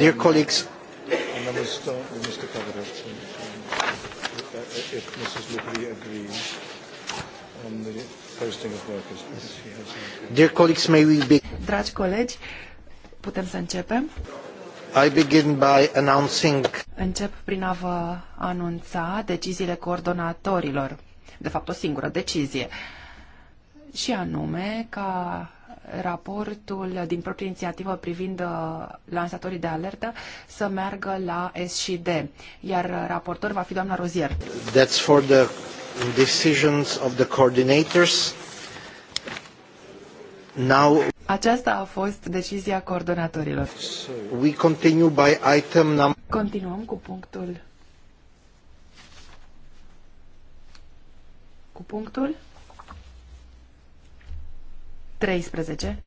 Dear colleagues, Dear colleagues, may we be... Dragi colegi, putem să începem? I begin by announcing... Încep prin a vă anunța deciziile coordonatorilor. De fapt, o singură decizie. Și anume ca raportul din proprie inițiativă privind uh, lansatorii de alertă să meargă la SCD, iar raportor va fi doamna Rozier. That's for the decisions of the coordinators. Now aceasta a fost decizia coordonatorilor. We continue by item number... Continuăm cu punctul cu punctul 13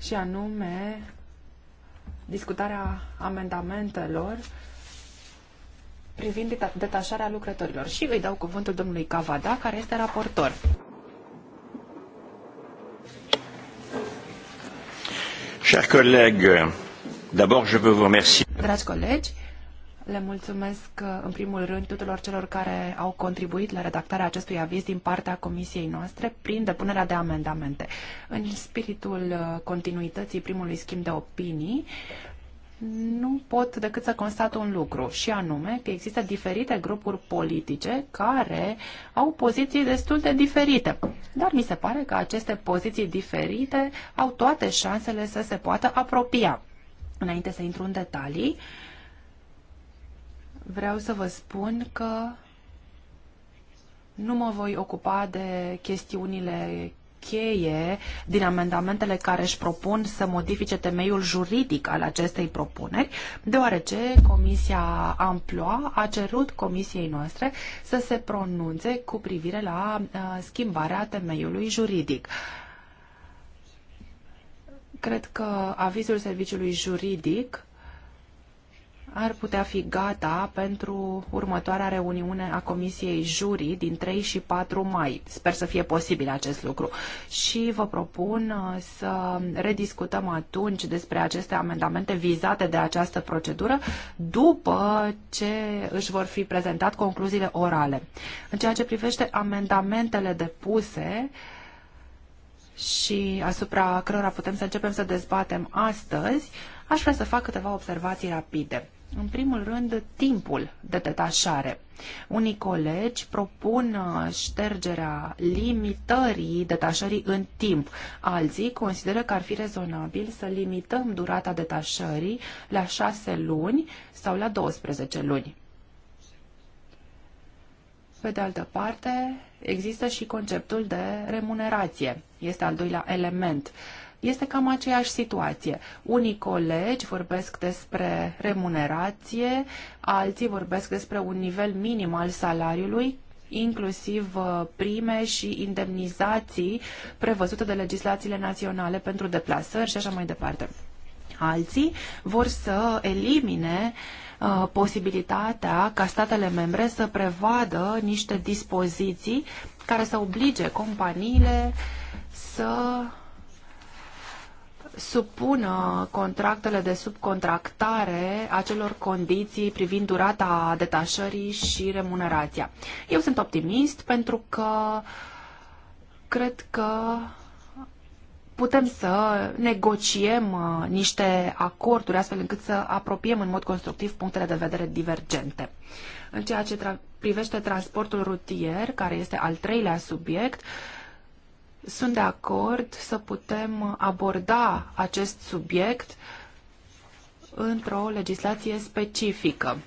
și anume discutarea amendamentelor privind detașarea lucrătorilor. Și îi dau cuvântul domnului Cavada, care este raportor. Chers collègues, d'abord je veux vous remercier. Dragi colegi, le mulțumesc uh, în primul rând tuturor celor care au contribuit la redactarea acestui aviz din partea comisiei noastre prin depunerea de amendamente. În spiritul uh, continuității primului schimb de opinii, nu pot decât să constat un lucru, și anume că există diferite grupuri politice care au poziții destul de diferite. Dar mi se pare că aceste poziții diferite au toate șansele să se poată apropia. Înainte să intru în detalii, uh, vreau să vă spun că nu mă voi ocupa de chestiunile cheie din amendamentele care își propun să modifice temeiul juridic al acestei propuneri, deoarece Comisia Amploa a cerut Comisiei noastre să se pronunțe cu privire la uh, schimbarea temeiului juridic. Cred că avizul serviciului juridic ar putea fi gata pentru următoarea reuniune a Comisiei Jurii din 3 și 4 mai. Sper să fie posibil acest lucru. Și vă propun uh, să rediscutăm atunci despre aceste amendamente vizate de această procedură după ce își vor fi prezentat concluziile orale. În ceea ce privește amendamentele depuse, și asupra cărora putem să începem să dezbatem astăzi, aș vrea să fac câteva observații rapide. În primul rând, timpul de detașare. Unii colegi propun uh, ștergerea limitării detașării în timp. Alții consideră că ar fi rezonabil să limităm durata detașării la 6 luni sau la 12 luni. Pe de altă parte, există și conceptul de remunerație. Este al doilea element este cam aceeași situație. Unii colegi vorbesc despre remunerație, alții vorbesc despre un nivel minim al salariului, inclusiv uh, prime și indemnizații prevăzute de legislațiile naționale pentru deplasări și așa mai departe. Alții vor să elimine uh, posibilitatea ca statele membre să prevadă niște dispoziții care să oblige companiile să supună contractele de subcontractare acelor condiții privind durata detașării și remunerația. Eu sunt optimist pentru că cred că putem să negociem uh, niște acorduri astfel încât să apropiem în mod constructiv punctele de vedere divergente. În ceea ce tra- privește transportul rutier, care este al treilea subiect, uh, sunt de acord să putem aborda acest subiect într-o legislație specifică.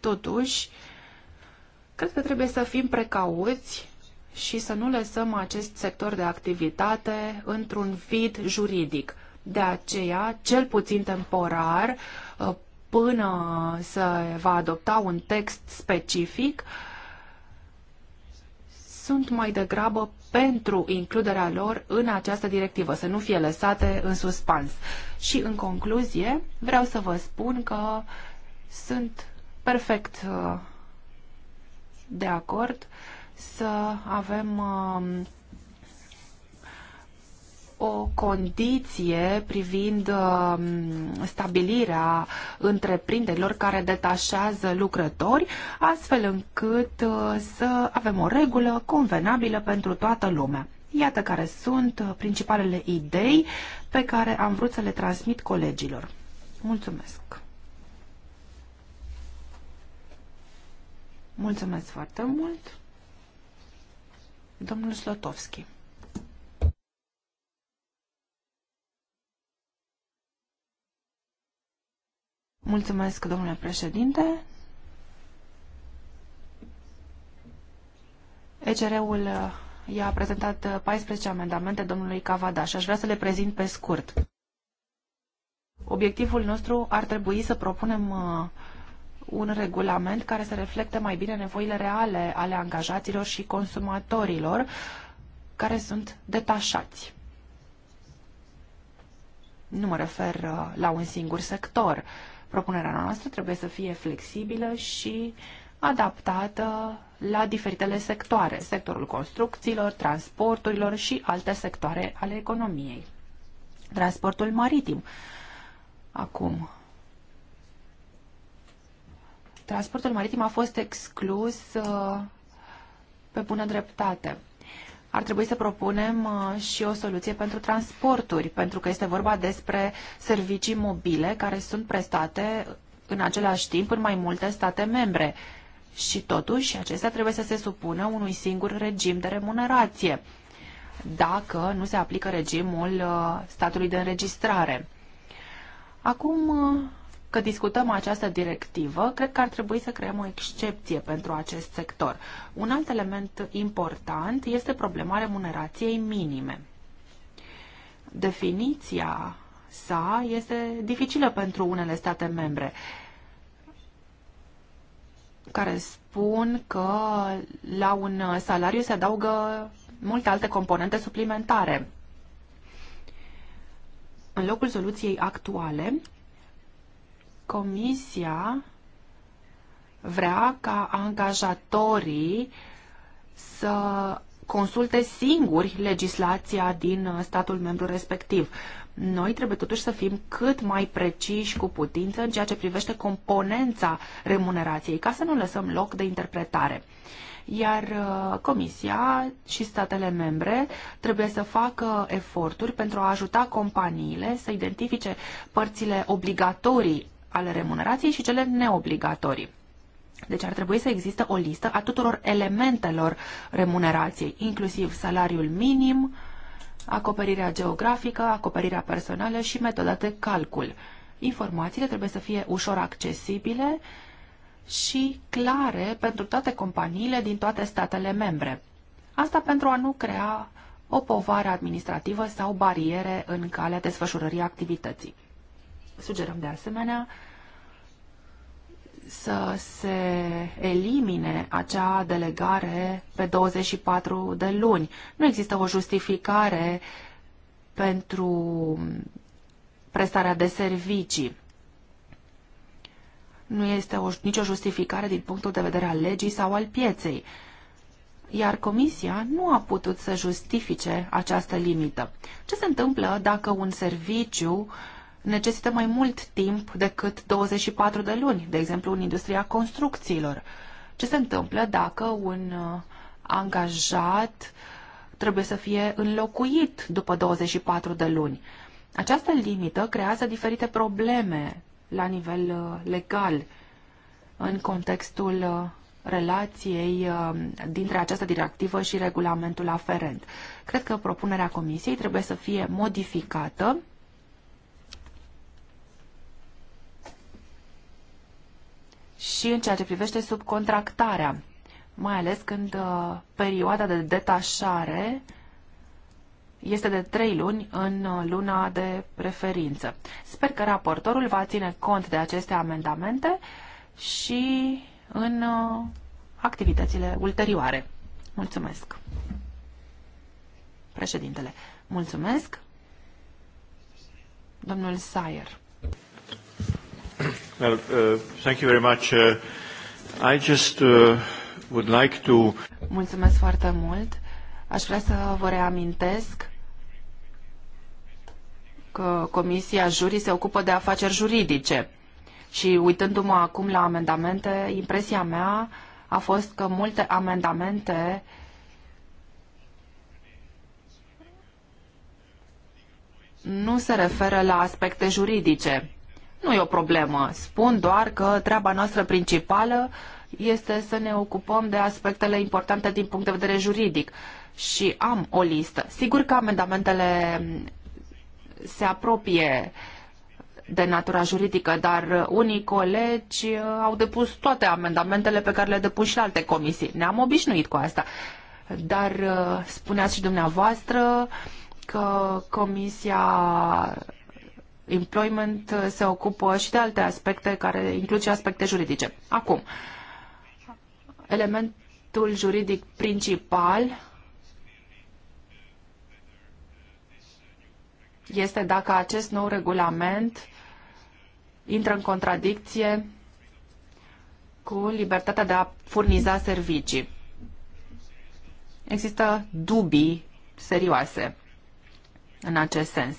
Totuși, cred că trebuie să fim precauți și să nu lăsăm acest sector de activitate într-un vid juridic. De aceea, cel puțin temporar, până se va adopta un text specific, sunt mai degrabă pentru includerea lor în această directivă, să nu fie lăsate în suspans. Și în concluzie, vreau să vă spun că sunt perfect uh, de acord să avem um, o condiție privind um, stabilirea întreprinderilor care detașează lucrători, astfel încât uh, să avem o regulă convenabilă pentru toată lumea. Iată care sunt uh, principalele idei pe care am vrut să le transmit colegilor. Mulțumesc! Mulțumesc foarte mult! Domnul Slotovski. Mulțumesc, domnule președinte. ECR-ul uh, i-a prezentat 14 uh, amendamente domnului Cavada și aș vrea să le prezint pe scurt. Obiectivul nostru ar trebui să propunem uh, un regulament care să reflecte mai bine nevoile reale ale angajaților și consumatorilor care sunt detașați. Nu mă refer la un singur sector. Propunerea noastră trebuie să fie flexibilă și adaptată la diferitele sectoare, sectorul construcțiilor, transporturilor și alte sectoare ale economiei. Transportul maritim. Acum, transportul maritim a fost exclus uh, pe bună dreptate ar trebui să propunem uh, și o soluție pentru transporturi, pentru că este vorba despre servicii mobile care sunt prestate în același timp în mai multe state membre. Și totuși, acestea trebuie să se supună unui singur regim de remunerație, dacă nu se aplică regimul uh, statului de înregistrare. Acum uh, că discutăm această directivă, cred că ar trebui să creăm o excepție pentru acest sector. Un alt element important este problema remunerației minime. Definiția sa este dificilă pentru unele state membre care spun că la un salariu se adaugă multe alte componente suplimentare. În locul soluției actuale, Comisia vrea ca angajatorii să consulte singuri legislația din statul membru respectiv. Noi trebuie totuși să fim cât mai preciși cu putință în ceea ce privește componența remunerației, ca să nu lăsăm loc de interpretare. Iar uh, Comisia și statele membre trebuie să facă eforturi pentru a ajuta companiile să identifice părțile obligatorii ale remunerației și cele neobligatorii. Deci ar trebui să existe o listă a tuturor elementelor remunerației, inclusiv salariul minim, acoperirea geografică, acoperirea personală și metoda de calcul. Informațiile trebuie să fie ușor accesibile și clare pentru toate companiile din toate statele membre. Asta pentru a nu crea o povară administrativă sau bariere în calea desfășurării activității. Sugerăm de asemenea să se elimine acea delegare pe 24 de luni. Nu există o justificare pentru prestarea de servicii. Nu este o, nicio justificare din punctul de vedere al legii sau al pieței. Iar comisia nu a putut să justifice această limită. Ce se întâmplă dacă un serviciu uh, necesită mai mult timp decât 24 de luni, de exemplu în industria construcțiilor. Ce se întâmplă dacă un uh, angajat trebuie să fie înlocuit după 24 de luni? Această limită creează diferite probleme la nivel uh, legal în contextul uh, relației dintre această directivă și regulamentul aferent. Cred că propunerea Comisiei trebuie să fie modificată și în ceea ce privește subcontractarea, mai ales când uh, perioada de detașare este de trei luni în uh, luna de preferință. Sper că raportorul va ține cont de aceste amendamente și în uh, activitățile ulterioare. Mulțumesc. Președintele, mulțumesc. Domnul Sayer. Well, uh, thank you very much. Uh, I just uh, would like to... Mulțumesc foarte mult. Aș vrea să vă reamintesc că Comisia Jurii se ocupă de afaceri juridice. Și uitându-mă acum la amendamente, impresia mea a fost că multe amendamente nu se referă la aspecte juridice nu e o problemă. Spun doar că treaba noastră principală este să ne ocupăm de aspectele importante din punct de vedere juridic. Și am o listă. Sigur că amendamentele se apropie de natura juridică, dar unii colegi uh, au depus toate amendamentele pe care le depun și la alte comisii. Ne-am obișnuit cu asta. Dar uh, spuneați și dumneavoastră că comisia Employment uh, se ocupă și de alte aspecte care includ și aspecte juridice. Acum, elementul juridic principal este dacă acest nou regulament intră în contradicție cu libertatea de a furniza servicii. Există dubii serioase în acest sens.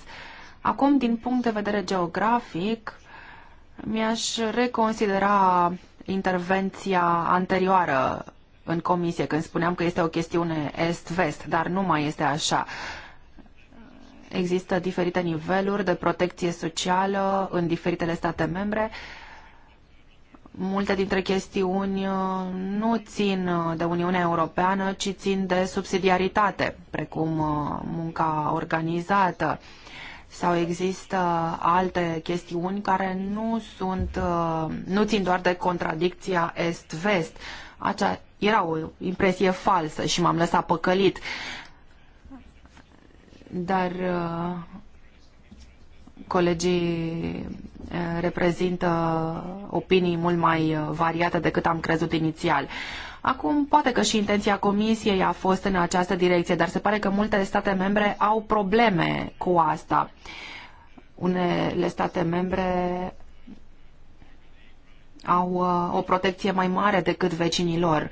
Acum, din punct de vedere geografic, mi-aș reconsidera intervenția anterioară în comisie, când spuneam că este o chestiune est-vest, dar nu mai este așa. Există diferite niveluri de protecție socială în diferitele state membre. Multe dintre chestiuni uh, nu țin uh, de Uniunea Europeană, ci țin de subsidiaritate, precum uh, munca organizată sau există alte chestiuni care nu sunt, uh, nu țin doar de contradicția est-vest. Acea era o impresie falsă și m-am lăsat păcălit. Dar uh, colegii uh, reprezintă opinii mult mai variate decât am crezut inițial. Acum, poate că și intenția Comisiei a fost în această direcție, dar se pare că multe state membre au probleme cu asta. Unele state membre au uh, o protecție mai mare decât vecinilor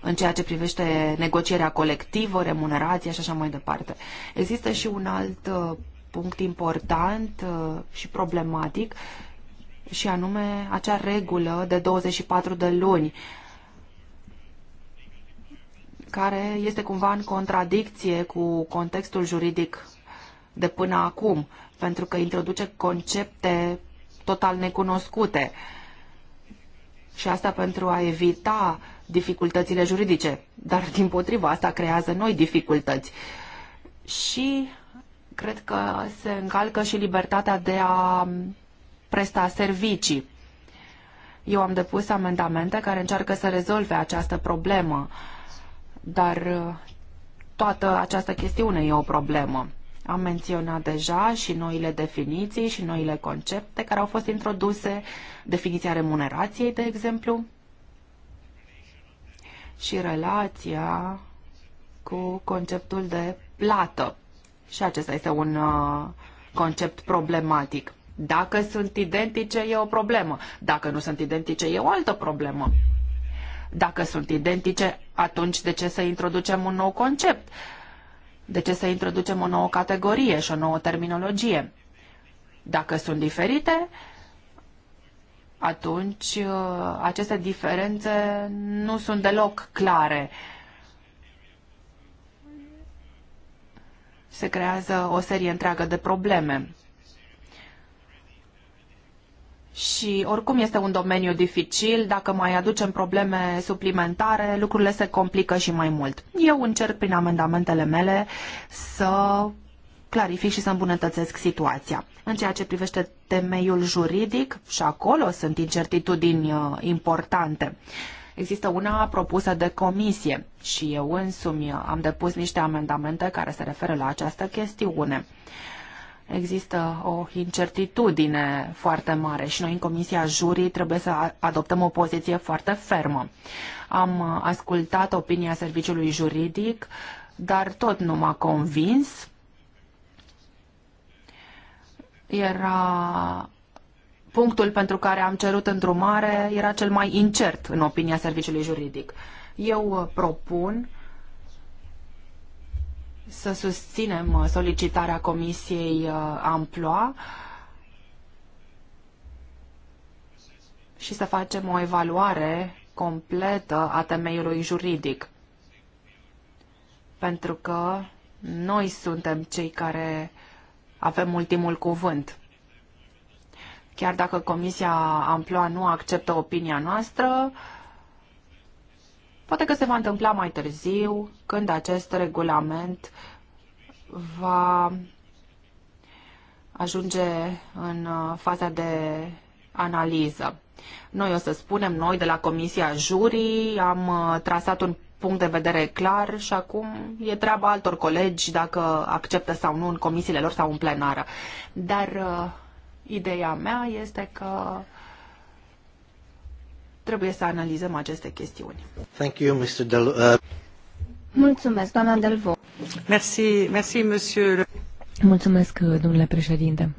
în ceea ce privește negocierea colectivă, remunerația și așa mai departe. Există și un alt uh, punct important uh, și problematic și anume acea regulă de 24 de luni care este cumva în contradicție cu contextul juridic de până acum, pentru că introduce concepte total necunoscute și asta pentru a evita dificultățile juridice, dar din potriva asta creează noi dificultăți. Și cred că se încalcă și libertatea de a presta servicii. Eu am depus amendamente care încearcă să rezolve această problemă dar uh, toată această chestiune e o problemă. Am menționat deja și noile definiții și noile concepte care au fost introduse, definiția remunerației, de exemplu, și relația cu conceptul de plată. Și acesta este un uh, concept problematic. Dacă sunt identice, e o problemă. Dacă nu sunt identice, e o altă problemă. Dacă sunt identice, atunci de ce să introducem un nou concept? De ce să introducem o nouă categorie și o nouă terminologie? Dacă sunt diferite, atunci uh, aceste diferențe nu sunt deloc clare. Se creează o serie întreagă de probleme și oricum este un domeniu dificil, dacă mai aducem probleme suplimentare, lucrurile se complică și mai mult. Eu încerc prin amendamentele mele să clarific și să îmbunătățesc situația. În ceea ce privește temeiul juridic, și acolo sunt incertitudini uh, importante. Există una propusă de comisie și eu însumi am depus niște amendamente care se referă la această chestiune există o incertitudine foarte mare și noi în Comisia Jurii trebuie să adoptăm o poziție foarte fermă. Am uh, ascultat opinia serviciului juridic, dar tot nu m-a convins. Era punctul pentru care am cerut într-un mare. era cel mai incert în opinia serviciului juridic. Eu uh, propun să susținem uh, solicitarea Comisiei uh, Amploa și să facem o evaluare completă a temeiului juridic. Pentru că noi suntem cei care avem ultimul cuvânt. Chiar dacă Comisia Amploa nu acceptă opinia noastră, Poate că se va întâmpla mai târziu, când acest regulament va ajunge în uh, faza de analiză. Noi o să spunem, noi de la Comisia Jurii am uh, trasat un punct de vedere clar și acum e treaba altor colegi dacă acceptă sau nu în comisiile lor sau în plenară. Dar uh, ideea mea este că trebuie să analizăm aceste chestiuni. Thank you, Mr. Del uh... Mulțumesc, doamna Delvo. Merci, merci, monsieur. Mulțumesc, domnule președinte.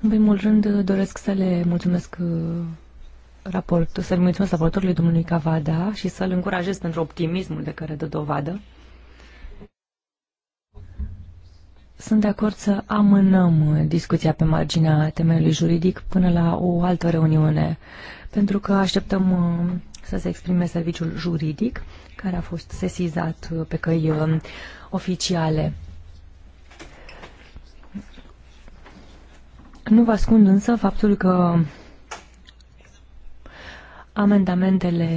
În primul rând, doresc să le mulțumesc uh, raport, să le mulțumesc raportorului domnului Cavada și să-l încurajez pentru optimismul de care dă dovadă. Sunt de acord să amânăm uh, discuția pe marginea temeiului juridic până la o altă reuniune pentru că așteptăm uh, să se exprime serviciul juridic care a fost sesizat uh, pe căi uh, oficiale. Nu vă ascund însă faptul că amendamentele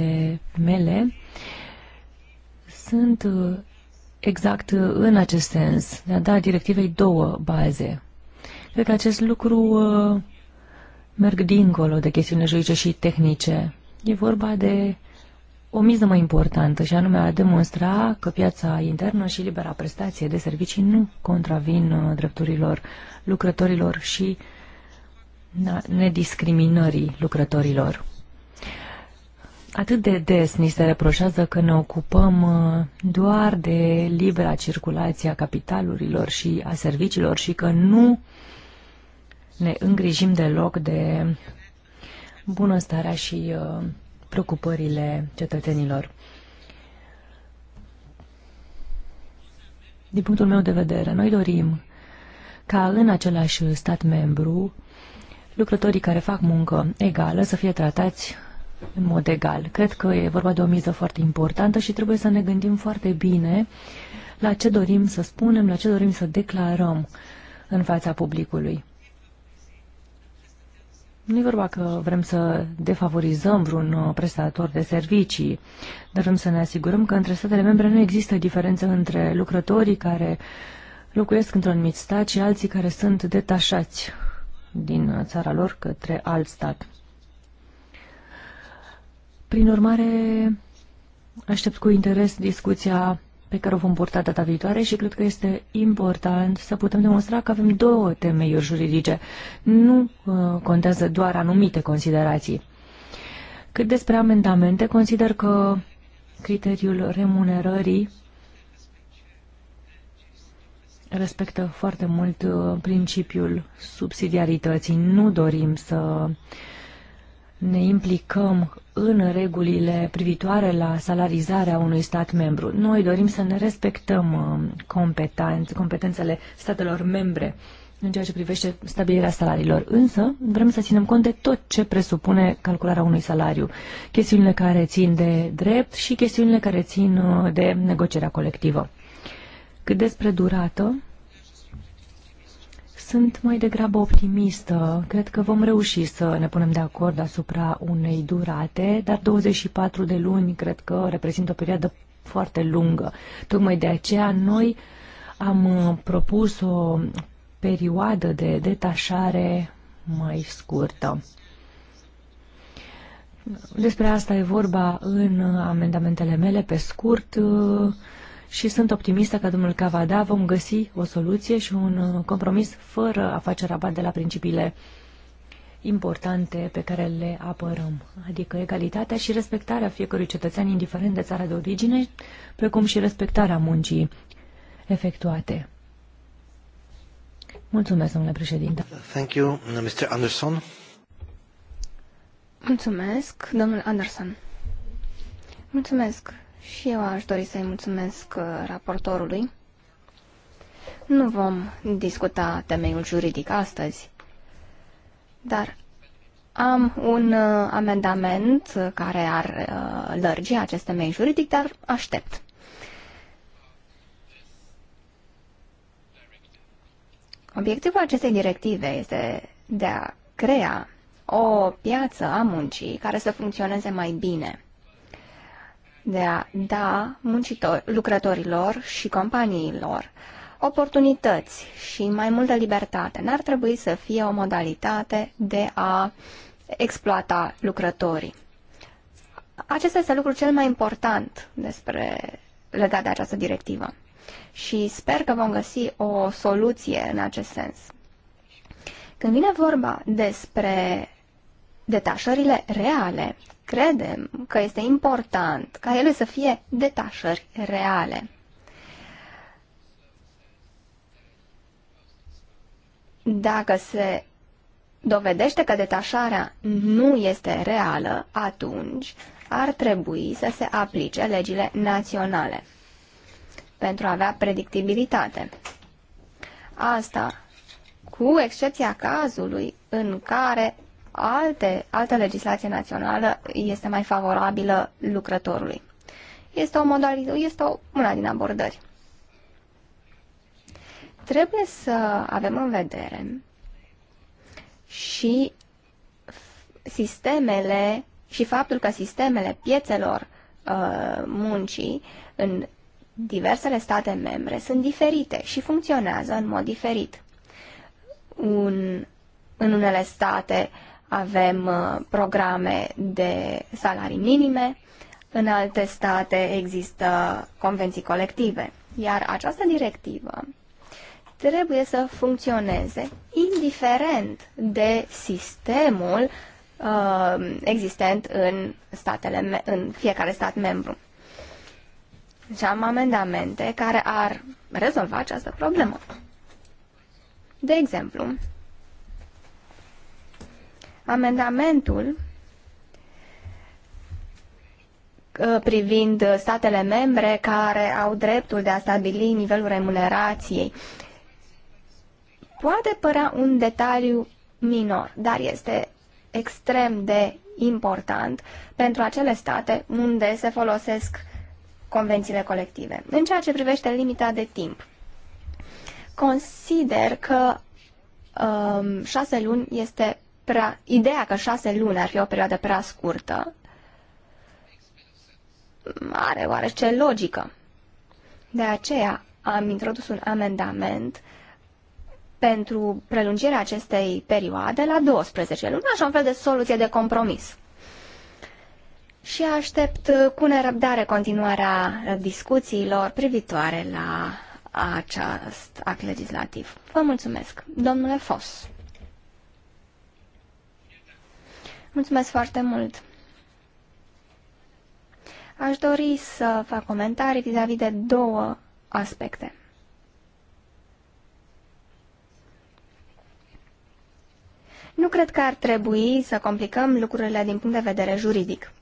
mele sunt exact în acest sens, de a da directivei două baze. Cred că acest lucru merg dincolo de chestiune juridice și tehnice. E vorba de o miză mai importantă și anume a demonstra că piața internă și libera prestație de servicii nu contravin uh, drepturilor lucrătorilor și nediscriminării lucrătorilor. Atât de des ni se reproșează că ne ocupăm uh, doar de libera circulație a capitalurilor și a serviciilor și că nu uh, ne îngrijim deloc de bunăstarea și uh, preocupările cetățenilor. Din punctul meu de vedere, noi dorim ca în același stat membru lucrătorii care fac muncă egală să fie tratați în mod egal. Cred că e vorba de o miză foarte importantă și trebuie să ne gândim foarte bine la ce dorim să spunem, la ce dorim să declarăm în fața publicului. Nu e vorba că vrem să defavorizăm vreun uh, prestator de servicii, dar vrem să ne asigurăm că între statele membre nu există diferență între lucrătorii care locuiesc într-un anumit stat și alții care sunt detașați din uh, țara lor către alt stat. Prin urmare, aștept cu interes discuția pe care o vom purta data viitoare și cred că este important să putem demonstra că avem două temeiuri juridice. Nu uh, contează doar anumite considerații. Cât despre amendamente, consider că criteriul remunerării respectă foarte mult uh, principiul subsidiarității. Nu dorim să uh, ne implicăm în regulile privitoare la salarizarea unui stat membru. Noi dorim să ne respectăm uh, competențele statelor membre în ceea ce privește stabilirea salariilor. Însă, vrem să ținem cont de tot ce presupune calcularea unui salariu. Chestiunile care țin de drept și chestiunile care țin uh, de negocierea colectivă. Cât despre durată, sunt mai degrabă optimistă. Cred că vom reuși să ne punem de acord asupra unei durate, dar 24 de luni cred că reprezintă o perioadă foarte lungă. Tocmai de aceea noi am uh, propus o perioadă de detașare mai scurtă. Despre asta e vorba în uh, amendamentele mele. Pe scurt, uh, și sunt optimistă că domnul Cavada vom găsi o soluție și un uh, compromis fără a face rabat de la principiile importante pe care le apărăm, adică egalitatea și respectarea fiecărui cetățean indiferent de țara de origine, precum și respectarea muncii efectuate. Mulțumesc, domnule președinte. Thank you, Mr. Anderson. Mulțumesc, domnul Anderson. Mulțumesc, și eu aș dori să-i mulțumesc uh, raportorului. Nu vom discuta temeiul juridic astăzi, dar am un uh, amendament uh, care ar lărgi acest temei juridic, dar aștept. Obiectivul acestei directive este de a crea o piață a muncii care să funcționeze mai bine de a da muncitor, lucrătorilor și companiilor oportunități și mai multă libertate. N-ar trebui să fie o modalitate de a exploata lucrătorii. Acesta este lucrul cel mai important despre legat de această directivă. Și sper că vom găsi o soluție în acest sens. Când vine vorba despre detașările reale, Credem că este important ca ele să fie detașări reale. Dacă se dovedește că detașarea nu este reală, atunci ar trebui să se aplice legile naționale pentru a avea predictibilitate. Asta cu excepția cazului în care alte, altă legislație națională este mai favorabilă lucrătorului. Este, o modalitate, este o, una din abordări. Trebuie să avem în vedere și sistemele și faptul că sistemele piețelor uh, muncii în diversele state membre sunt diferite și funcționează în mod diferit. Un, în unele state uh, avem uh, programe de salarii minime, în alte state există convenții colective, iar această directivă trebuie să funcționeze indiferent de sistemul uh, existent în, statele, în fiecare stat membru. Și am amendamente care ar rezolva această problemă. De exemplu, Amendamentul uh, privind statele membre care au dreptul de a stabili nivelul remunerației. Poate părea un detaliu minor, dar este extrem de important pentru acele state unde se folosesc convențiile colective. În ceea ce privește limita de timp, consider că um, șase luni este prea, ideea că șase luni ar fi o perioadă prea scurtă are oarece logică. De aceea am introdus un amendament pentru prelungirea acestei perioade la 12 luni, așa un fel de soluție de compromis. Și aștept cu nerăbdare continuarea discuțiilor privitoare la acest act legislativ. Vă mulțumesc, domnule Fos. Mulțumesc foarte mult! Aș dori să fac comentarii vis-a-vis -vis de două aspecte. Nu cred că ar trebui să complicăm lucrurile din punct de vedere juridic.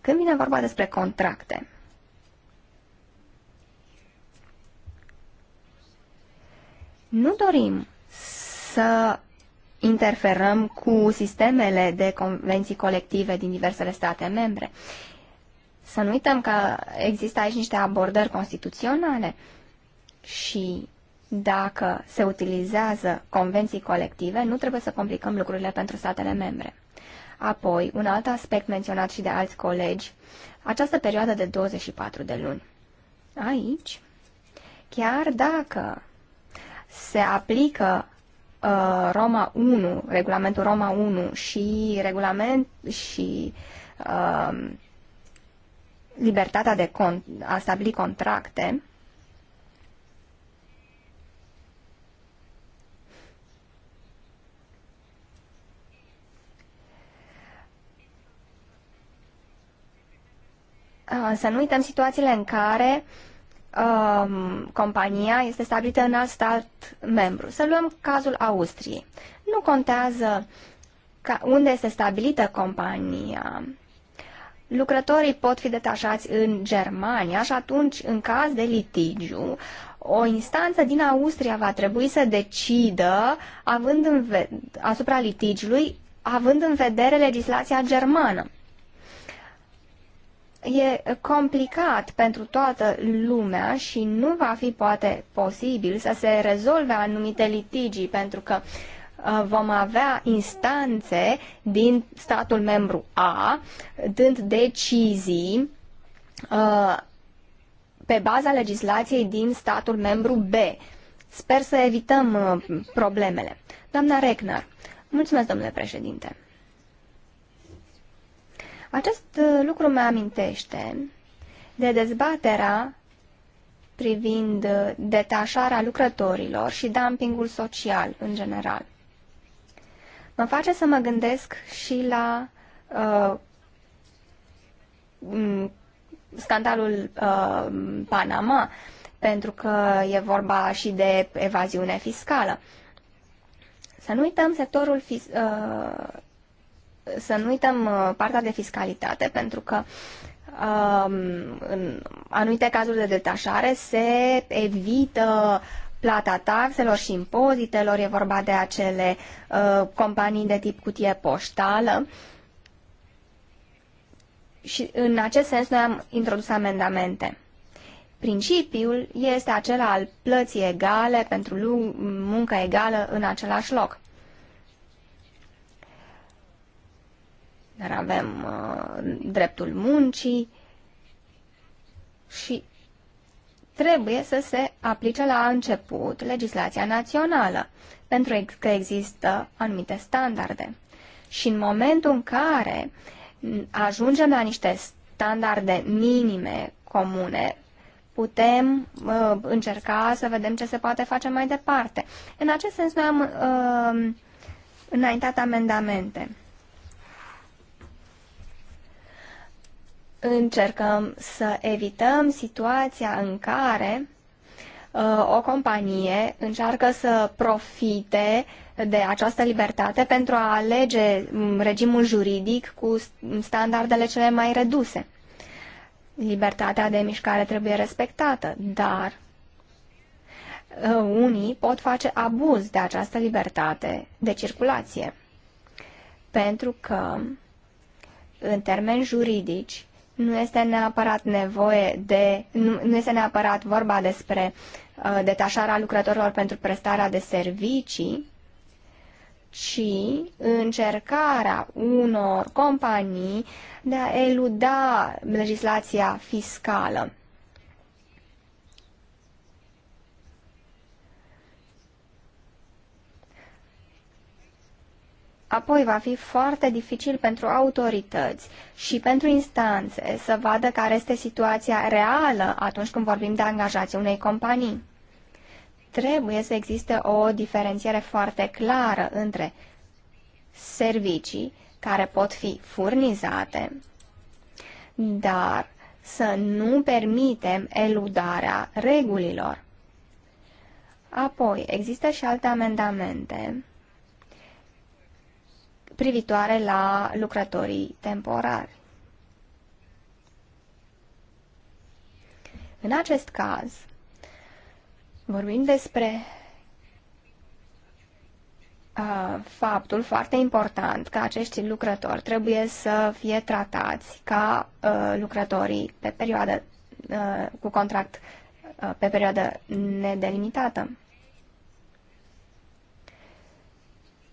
Când vine vorba despre contracte, nu dorim să interferăm cu sistemele de convenții colective din diversele state membre. Să nu uităm că există aici niște abordări constituționale și dacă se utilizează convenții colective, nu trebuie să complicăm lucrurile pentru statele membre. Apoi, un alt aspect menționat și de alți colegi, această perioadă de 24 de luni. Aici, chiar dacă se aplică Uh, Roma 1, regulamentul Roma 1 și regulament și uh, libertatea de con- a stabili contracte, uh, Să nu uităm situațiile în care um, compania este stabilită în alt stat membru. Să luăm cazul Austriei. Nu contează ca unde este stabilită compania. Lucrătorii pot fi detașați în Germania și atunci, în caz de litigiu, o instanță din Austria va trebui să decidă având în asupra litigiului, având în vedere legislația germană e complicat pentru toată lumea și nu va fi poate posibil să se rezolve anumite litigii pentru că uh, vom avea instanțe din statul membru A dând decizii uh, pe baza legislației din statul membru B. Sper să evităm uh, problemele. Doamna Reckner, mulțumesc, domnule președinte. Acest uh, lucru mă amintește de dezbaterea privind uh, detașarea lucrătorilor și dumpingul social în general. Mă face să mă gândesc și la uh, scandalul uh, Panama, pentru că e vorba și de evaziune fiscală. Să nu uităm sectorul fis, uh, să nu uităm uh, partea de fiscalitate, pentru că um, în anumite cazuri de detașare se evită plata taxelor și impozitelor, e vorba de acele uh, companii de tip cutie poștală. Și în acest sens noi am introdus amendamente. Principiul este acela al plății egale pentru muncă egală în același loc. Dar avem uh, dreptul muncii și trebuie să se aplice la început legislația națională, pentru că există anumite standarde. Și în momentul în care ajungem la niște standarde minime comune, putem uh, încerca să vedem ce se poate face mai departe. În acest sens, noi am uh, înaintat amendamente. încercăm să evităm situația în care uh, o companie încearcă să profite de această libertate pentru a alege mm, regimul juridic cu standardele cele mai reduse. Libertatea de mișcare trebuie respectată, dar uh, unii pot face abuz de această libertate de circulație, pentru că, în termeni juridici, nu este neapărat nevoie de. Nu, nu este neapărat vorba despre uh, detașarea lucrătorilor pentru prestarea de servicii, ci încercarea unor companii de a eluda legislația fiscală. Apoi va fi foarte dificil pentru autorități și pentru instanțe să vadă care este situația reală atunci când vorbim de angajații unei companii. Trebuie să existe o diferențiere foarte clară între servicii care pot fi furnizate, dar să nu permitem eludarea regulilor. Apoi, există și alte amendamente privitoare la lucrătorii temporari. În acest caz, vorbim despre uh, faptul foarte important că acești lucrători trebuie să fie tratați ca uh, lucrătorii pe perioadă uh, cu contract uh, pe perioadă nedelimitată.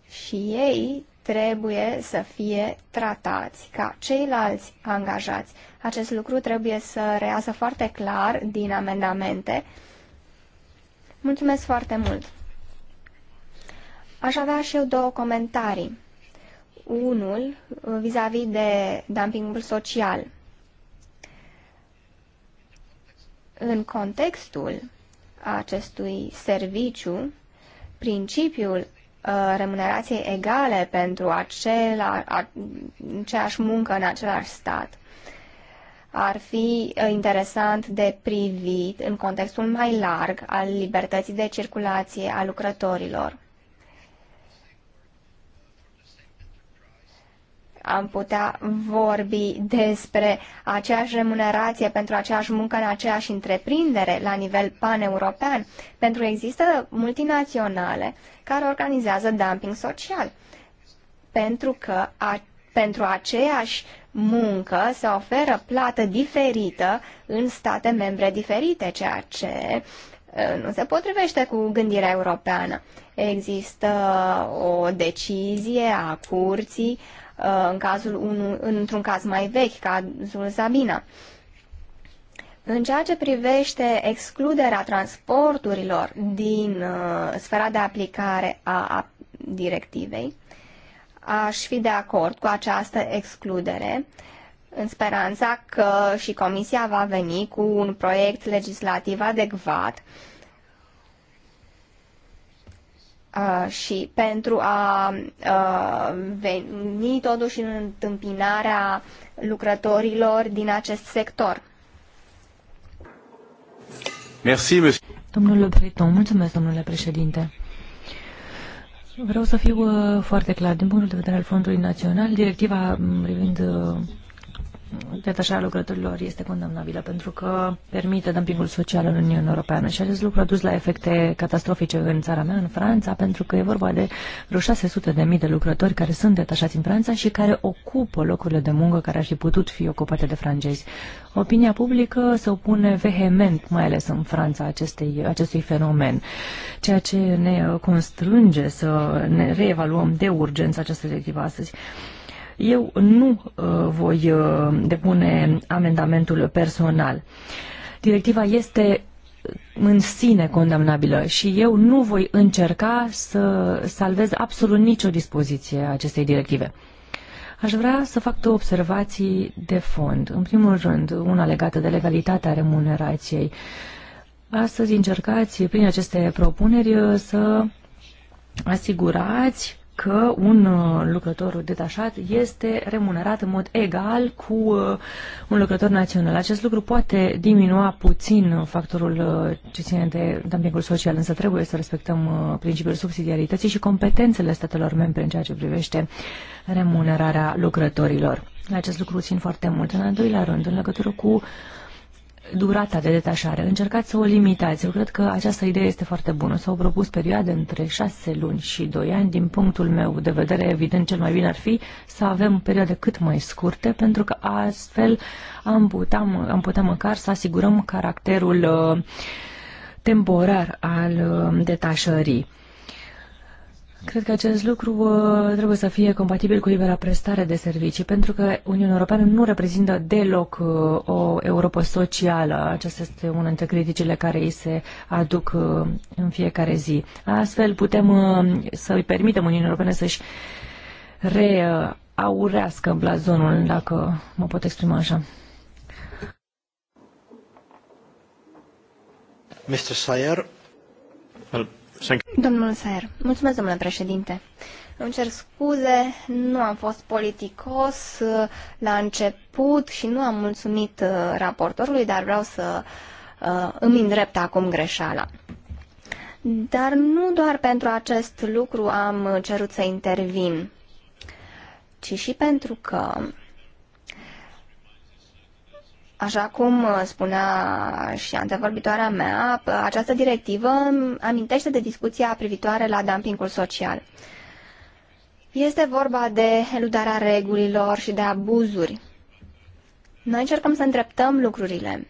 Și ei trebuie să fie tratați ca ceilalți angajați. Acest lucru trebuie să reasă foarte clar din amendamente. Mulțumesc foarte mult! Aș avea și eu două comentarii. Unul vis-a-vis -vis de dumpingul social. În contextul acestui serviciu, principiul Uh, remunerație egale pentru acela, aceeași muncă în același stat. Ar fi uh, interesant de privit în contextul mai larg al libertății de circulație a lucrătorilor. am putea vorbi despre aceeași remunerație pentru aceeași muncă în aceeași întreprindere la nivel paneuropean, pentru că există multinaționale care organizează dumping social, pentru că a, pentru aceeași muncă se oferă plată diferită în state membre diferite, ceea ce nu se potrivește cu gândirea europeană. Există o decizie a curții Uh, în cazul unu, într-un caz mai vechi, cazul Sabina. În ceea ce privește excluderea transporturilor din uh, sfera de aplicare a, a directivei, aș fi de acord cu această excludere, în speranța că și Comisia va veni cu un proiect legislativ adecvat uh, și pentru a veni totuși în întâmpinarea lucrătorilor din acest sector. Merci, Domnule Breton, mulțumesc, domnule președinte. Vreau să fiu uh, foarte clar. Din punctul de vedere al Fondului Național, directiva mm, privind uh, detașarea lucrătorilor este condamnabilă pentru că permite dumpingul social în Uniunea Europeană și acest lucru a dus la efecte catastrofice în țara mea, în Franța, pentru că e vorba de vreo 600 de mii de lucrători care sunt detașați în Franța și care ocupă locurile de muncă care ar fi putut fi ocupate de francezi. Opinia publică se opune vehement, mai ales în Franța, acestei, acestui fenomen, ceea ce ne constrânge să ne reevaluăm de urgență această directivă astăzi. Eu nu uh, voi uh, depune amendamentul personal. Directiva este în sine condamnabilă și eu nu voi încerca să salvez absolut nicio dispoziție a acestei directive. Aș vrea să fac două observații de fond. În primul rând, una legată de legalitatea remunerației. Astăzi încercați, prin aceste propuneri, să asigurați că un uh, lucrător detașat este remunerat în mod egal cu uh, un lucrător național. Acest lucru poate diminua puțin factorul uh, ce ține de dumpingul social, însă trebuie să respectăm principiul subsidiarității și competențele statelor membre în ceea ce privește remunerarea lucrătorilor. La acest lucru țin foarte mult. În al doilea rând, în legătură cu durata de detașare. Încercați să o limitați. Eu cred că această idee este foarte bună. S-au propus perioade între 6 luni și 2 ani. Din punctul meu de vedere, evident, cel mai bine ar fi să avem perioade cât mai scurte, pentru că astfel am putea, am putea măcar să asigurăm caracterul uh, temporar al uh, detașării. Cred că acest lucru uh, trebuie să fie compatibil cu libera prestare de servicii, pentru că Uniunea Europeană nu reprezintă deloc uh, o Europa socială. Aceasta este una dintre criticile care îi se aduc uh, în fiecare zi. Astfel putem să îi permitem Uniunea Europeană să-și reaurească blazonul, dacă mă pot exprima așa. Mr. Sayer, Domnul Saer, mulțumesc, domnule președinte. Îmi cer scuze, nu am fost politicos uh, la început și nu am mulțumit uh, raportorului, dar vreau să uh, îmi îndrept acum greșeala. Dar nu doar pentru acest lucru am cerut să intervin, ci și pentru că Așa cum uh, spunea și antevorbitoarea mea, această directivă amintește de discuția privitoare la dumpingul social. Este vorba de eludarea regulilor și de abuzuri. Noi încercăm să îndreptăm lucrurile.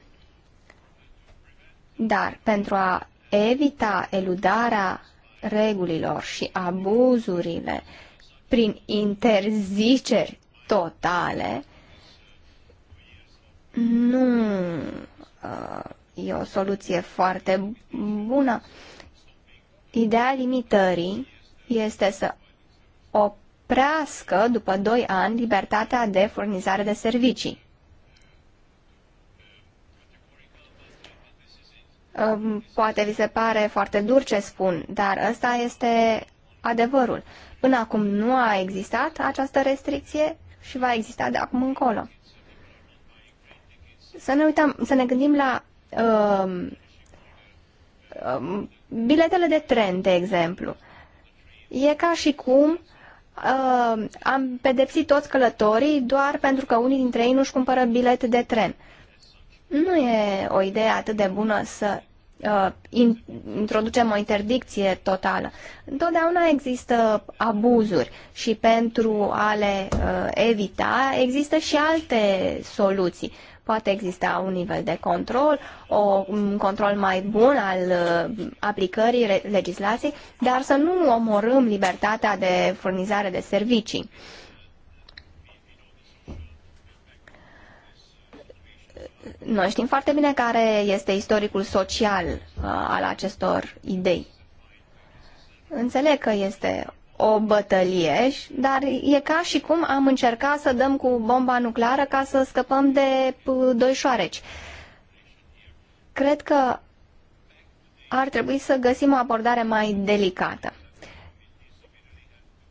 Dar pentru a evita eludarea regulilor și abuzurile prin interziceri totale, nu uh, e o soluție foarte bună. Ideea limitării este să oprească după 2 ani libertatea de furnizare de servicii. Poate vi se pare foarte dur ce spun, dar ăsta este adevărul. Până acum nu a existat această restricție și va exista de acum încolo să ne uităm, să ne gândim la um, um, biletele de tren, de exemplu. E ca și cum uh, am pedepsit toți călătorii doar pentru că unii dintre ei nu-și cumpără bilet de tren. Nu e o idee atât de bună să uh, in, introducem o interdicție totală. Întotdeauna există abuzuri și pentru a le uh, evita există și alte soluții. Uh, Poate exista un nivel de control, o, un control mai bun al uh, aplicării legislației, dar să nu omorâm libertatea de furnizare de servicii. Noi știm foarte bine care este istoricul social uh, al acestor idei. Înțeleg că este o bătălie, dar e ca și cum am încercat să dăm cu bomba nucleară ca să scăpăm de uh, doi șoareci. Cred că ar trebui să găsim o abordare mai delicată.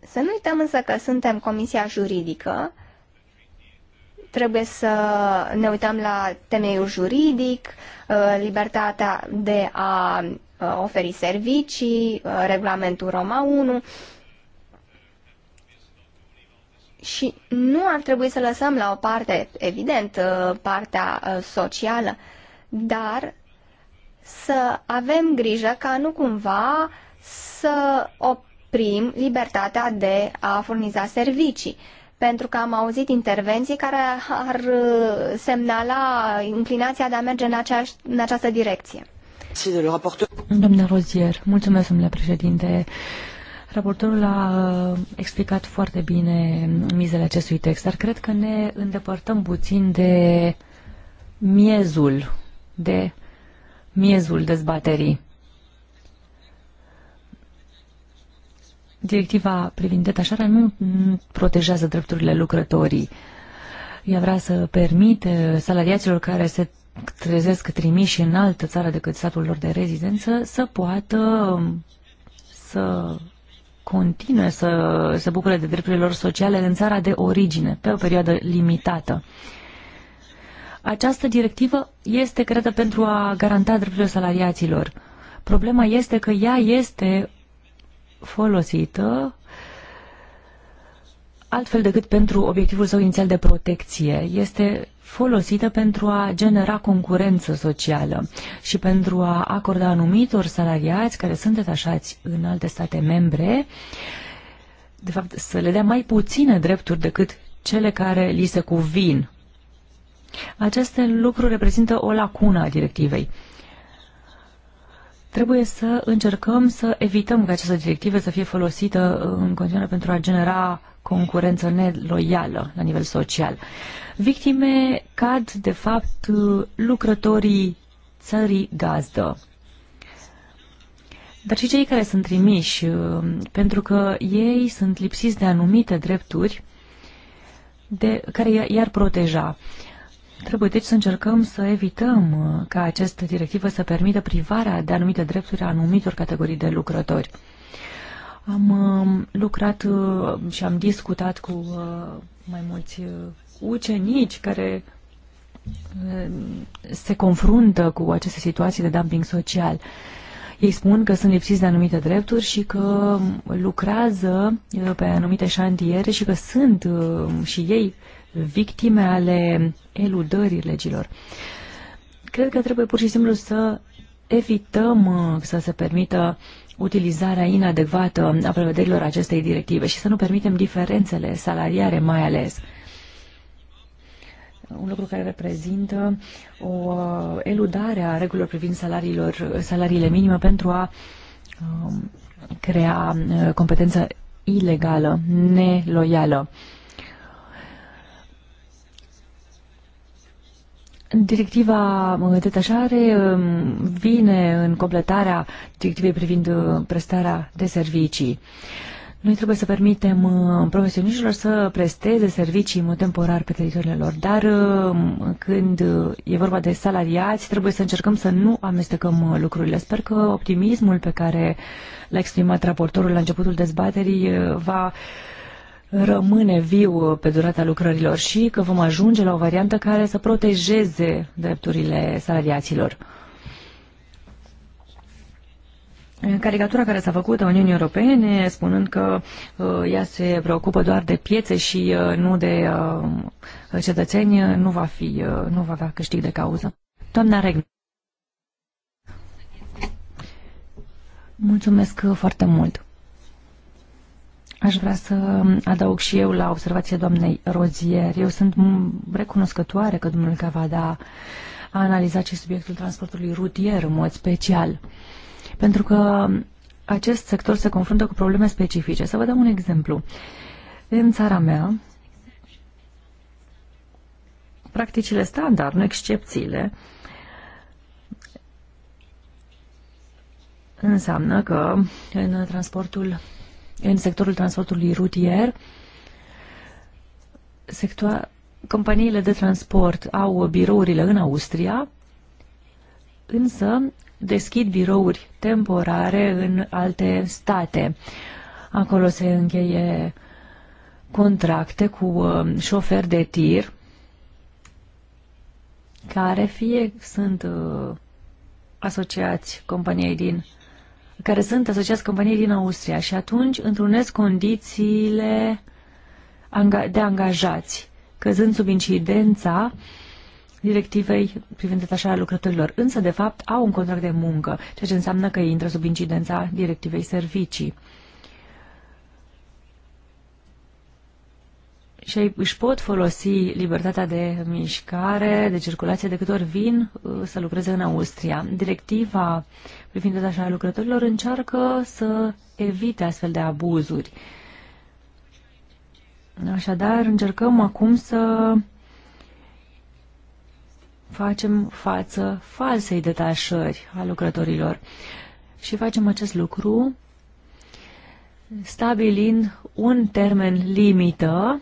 Să nu uităm însă că suntem Comisia Juridică, trebuie să ne uităm la temeiul juridic, uh, libertatea de a uh, oferi servicii, regulamentul Roma 1 și nu ar trebui să lăsăm la o parte, evident, uh, partea uh, socială, dar să avem grijă ca nu cumva să oprim libertatea de a furniza servicii. Pentru că am auzit intervenții care ar uh, semnala inclinația de a merge în, aceeași, în această direcție. Domnule Rozier, mulțumesc, domnule președinte. Uh, Raportorul a uh, explicat foarte bine mizele acestui text, dar cred că ne îndepărtăm puțin de miezul, de miezul dezbaterii. Directiva privind detașarea nu protejează drepturile lucrătorii. Ea vrea să permite salariaților care se trezesc trimiși în altă țară decât satul lor de rezidență să poată um, să continue să se bucure de drepturile lor sociale în țara de origine, pe o perioadă limitată. Această directivă este creată pentru a garanta drepturile salariaților. Problema este că ea este folosită altfel decât pentru obiectivul său inițial de protecție. Este folosită pentru a genera concurență socială și pentru a acorda anumitor salariați care sunt detașați în alte state membre, de fapt, să le dea mai puține drepturi decât cele care li se cuvin. Aceste lucruri reprezintă o lacună a directivei. Trebuie să încercăm să evităm ca această directivă să fie folosită în continuare pentru a genera concurență neloială la nivel social. Victime cad, de fapt, lucrătorii țării gazdă. Dar și cei care sunt trimiși, pentru că ei sunt lipsiți de anumite drepturi de, care i-ar proteja. Trebuie deci să încercăm să evităm uh, ca această directivă să permită privarea de anumite drepturi a anumitor categorii de lucrători. Am um, lucrat uh, și am discutat cu uh, mai mulți ucenici care se confruntă cu aceste situații de dumping social. Ei spun că sunt lipsiți de anumite drepturi și că um, lucrează pe anumite șantiere și că sunt și ei victime ale eludării legilor. Cred că trebuie pur și simplu să evităm uh, să se permită utilizarea inadecvată a prevederilor acestei directive și să nu permitem diferențele salariare mai ales un lucru care reprezintă o uh, eludare a regulilor privind salariilor, salariile minime pentru a um, crea uh, competență ilegală, neloială. Directiva detașare um, vine în completarea directivei privind uh, prestarea de servicii. Noi trebuie să permitem uh, profesioniștilor să presteze servicii în mod temporar pe teritoriile lor, dar um, când uh, e vorba de salariați, trebuie să încercăm să nu amestecăm lucrurile. Sper că optimismul pe care l-a exprimat raportorul la începutul dezbaterii va rămâne viu pe durata lucrărilor și că vom ajunge la o variantă care să protejeze drepturile salariaților. Caricatura care s-a făcut a Uniunii Europene, spunând că uh, ea se preocupă doar de piețe și uh, nu de uh, cetățeni, uh, nu va, fi, uh, nu va avea câștig de cauză. Doamna Regn. Mulțumesc foarte mult. Aș vrea să adaug și eu la observația doamnei Rozier. Eu sunt recunoscătoare că domnul Cavada a analizat și subiectul transportului rutier în mod special. Pentru că acest sector se confruntă cu probleme specifice. Să vă dau un exemplu. În țara mea, practicile standard, nu excepțiile, înseamnă că în transportul în sectorul transportului rutier. Sectua Companiile de transport au birourile în Austria, însă deschid birouri temporare în alte state. Acolo se încheie contracte cu uh, șoferi de tir care fie sunt uh, asociați companiei din care sunt asociați companiei din Austria și atunci întrunesc condițiile de angajați, căzând sub incidența directivei privind detașarea lucrătorilor, însă de fapt au un contract de muncă, ceea ce înseamnă că intră sub incidența directivei servicii. și își pot folosi libertatea de mișcare, de circulație, de câte ori vin uh, să lucreze în Austria. Directiva privind detașarea lucrătorilor încearcă să evite astfel de abuzuri. Așadar, încercăm acum să facem față falsei detașări a lucrătorilor. Și facem acest lucru stabilind un termen limită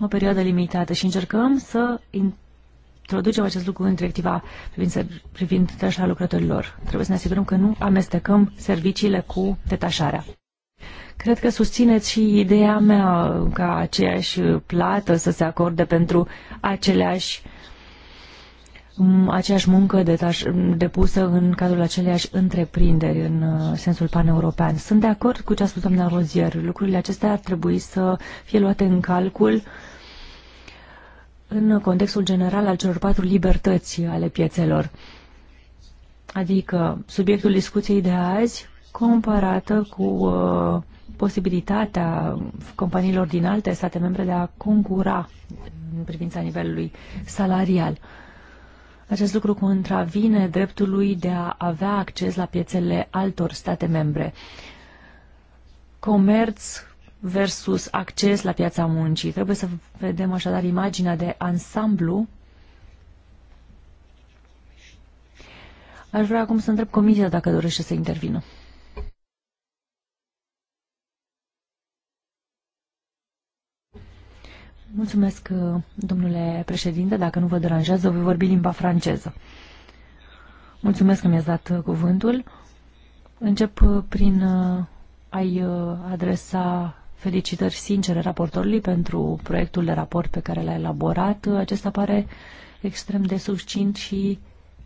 o perioadă limitată și încercăm să introducem acest lucru în directiva privind, privind detașarea lucrătorilor. Trebuie să ne asigurăm că nu amestecăm serviciile cu detașarea. Cred că susțineți și ideea mea ca aceeași plată să se acorde pentru aceleași aceeași muncă detaș- depusă în cadrul aceleiași întreprinderi în uh, sensul paneuropean. Sunt de acord cu ce a spus doamna Rozier. Lucrurile acestea ar trebui să fie luate în calcul în contextul general al celor patru libertăți ale piețelor. Adică subiectul discuției de azi comparată cu uh, posibilitatea companiilor din alte state membre de a concura în privința nivelului salarial. Uh, acest lucru contravine dreptului de a avea acces la piețele altor state membre. Comerț versus acces la piața muncii. Trebuie să vedem așadar imaginea de ansamblu. Aș vrea acum să întreb comisia dacă dorește să intervină. Mulțumesc, uh, domnule președinte. Dacă nu vă deranjează, voi vorbi limba franceză. Mulțumesc că mi-ați dat uh, cuvântul. Încep uh, prin a-i adresa felicitări sincere raportorului pentru proiectul de raport pe care l-a elaborat. Acesta pare extrem de succint și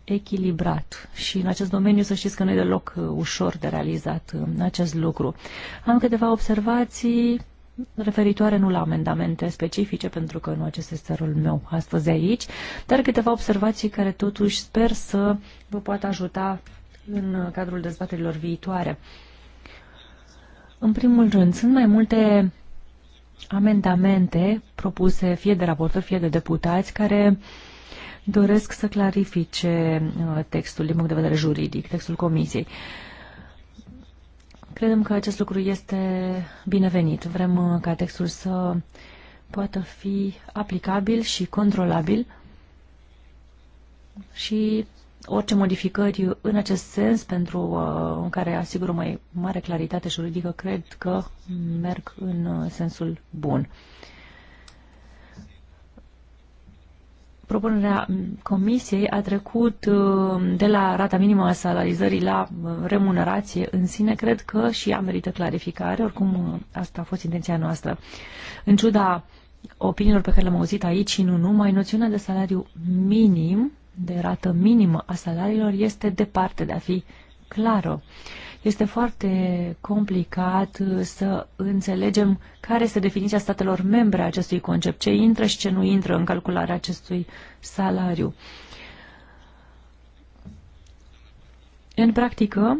echilibrat și în acest domeniu să știți că nu e deloc ușor de realizat acest lucru. Am câteva observații referitoare nu la amendamente specifice, pentru că nu acest este rolul meu astăzi aici, dar câteva observații care totuși sper să vă poată ajuta în cadrul dezbaterilor viitoare. În primul rând, sunt mai multe amendamente propuse fie de raportori, fie de deputați, care doresc să clarifice uh, textul din punct de vedere juridic, textul comisiei. Uh, Credem că acest lucru este binevenit. Vrem uh, ca textul să poată fi aplicabil și controlabil și orice modificări în acest sens pentru uh, care asigură mai mare claritate juridică, cred că merg în uh, sensul bun. propunerea comisiei a trecut uh, de la rata minimă a salarizării la uh, remunerație în sine, cred că și ea merită clarificare, oricum uh, asta a fost intenția noastră. În ciuda opiniilor pe care le-am auzit aici și nu numai, noțiunea de salariu minim, de rată minimă a salariilor, este departe de a fi clară. Uh, este foarte complicat uh, să înțelegem care este definiția statelor membre a acestui concept, ce intră și ce nu intră în calcularea acestui salariu. În practică,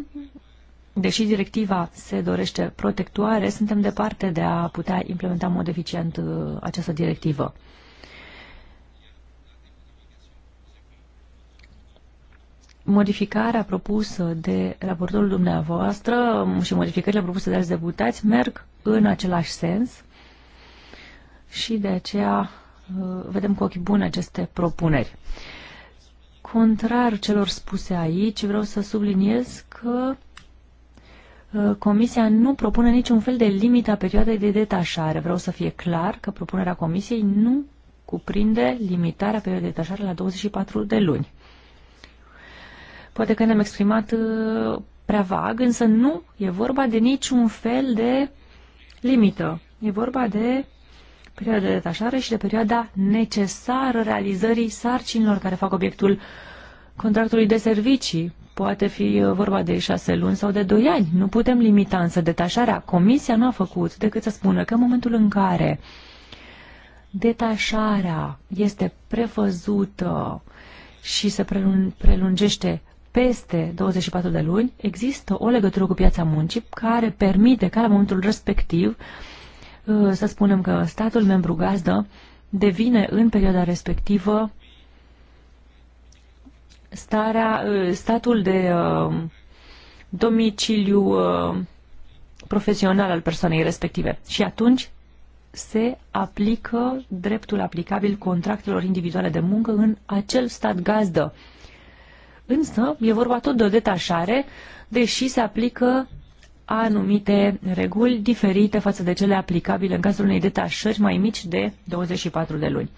deși directiva se dorește protectoare, suntem departe de a putea implementa în mod eficient uh, această directivă. modificarea propusă de raportorul dumneavoastră și modificările propuse de alți deputați merg în același sens și de aceea uh, vedem cu ochi buni aceste propuneri. Contrar celor spuse aici, vreau să subliniez că uh, Comisia nu propune niciun fel de limită a perioadei de detașare. Vreau să fie clar că propunerea Comisiei nu cuprinde limitarea perioadei de detașare la 24 de luni. Poate că ne-am exprimat uh, prea vag, însă nu e vorba de niciun fel de limită. E vorba de perioada de detașare și de perioada necesară realizării sarcinilor care fac obiectul contractului de servicii. Poate fi uh, vorba de șase luni sau de doi ani. Nu putem limita însă detașarea. Comisia nu a făcut decât să spună că în momentul în care detașarea este prevăzută și se prelungește peste 24 de luni, există o legătură cu piața muncii care permite ca la momentul respectiv, uh, să spunem că statul membru gazdă devine în perioada respectivă starea, uh, statul de uh, domiciliu profesional al persoanei respective. Și atunci se aplică dreptul aplicabil contractelor individuale de muncă în acel stat gazdă Însă e vorba tot de o detașare, deși se aplică anumite reguli diferite față de cele aplicabile în cazul unei detașări mai mici de 24 de luni.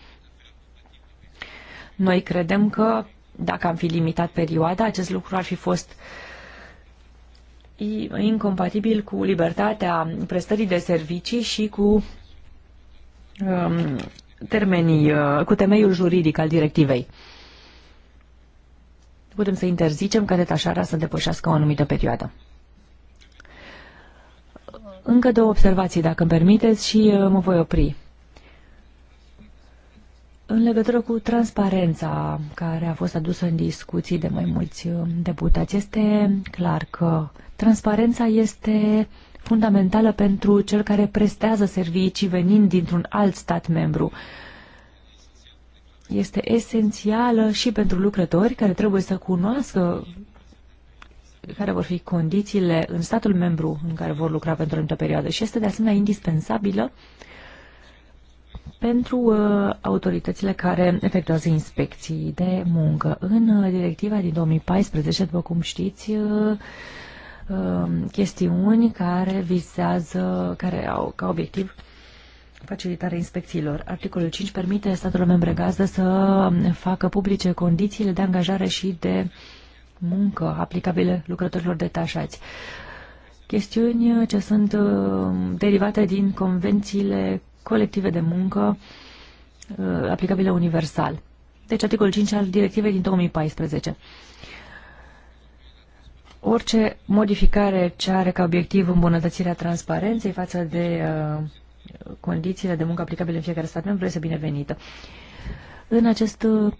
Noi credem că dacă am fi limitat perioada, acest lucru ar fi fost incompatibil cu libertatea prestării de servicii și cu um, termenii, uh, cu temeiul juridic al directivei putem să interzicem ca detașarea să depășească o anumită perioadă. Încă două observații, dacă îmi permiteți, și uh, mă voi opri. În legătură cu transparența care a fost adusă în discuții de mai mulți uh, deputați, este clar că transparența este fundamentală pentru cel care prestează servicii venind dintr-un alt stat membru. Uh, este esențială și pentru lucrători care trebuie să cunoască care vor fi condițiile în statul membru în care vor lucra pentru o anumită perioadă și este de asemenea indispensabilă pentru uh, autoritățile care efectuează inspecții de muncă. În uh, directiva din 2014, după cum știți, uh, uh, chestiuni care vizează, care au ca obiectiv uh, facilitarea inspecțiilor. Articolul 5 permite statelor membre gazdă să facă publice condițiile de angajare și de muncă aplicabile lucrătorilor detașați. Chestiuni ce sunt uh, derivate din convențiile colective de muncă uh, aplicabile universal. Deci articolul 5 al directivei din 2014. Orice modificare ce are ca obiectiv îmbunătățirea transparenței față de uh, condițiile de muncă aplicabile în fiecare stat membru este binevenită. În acest uh,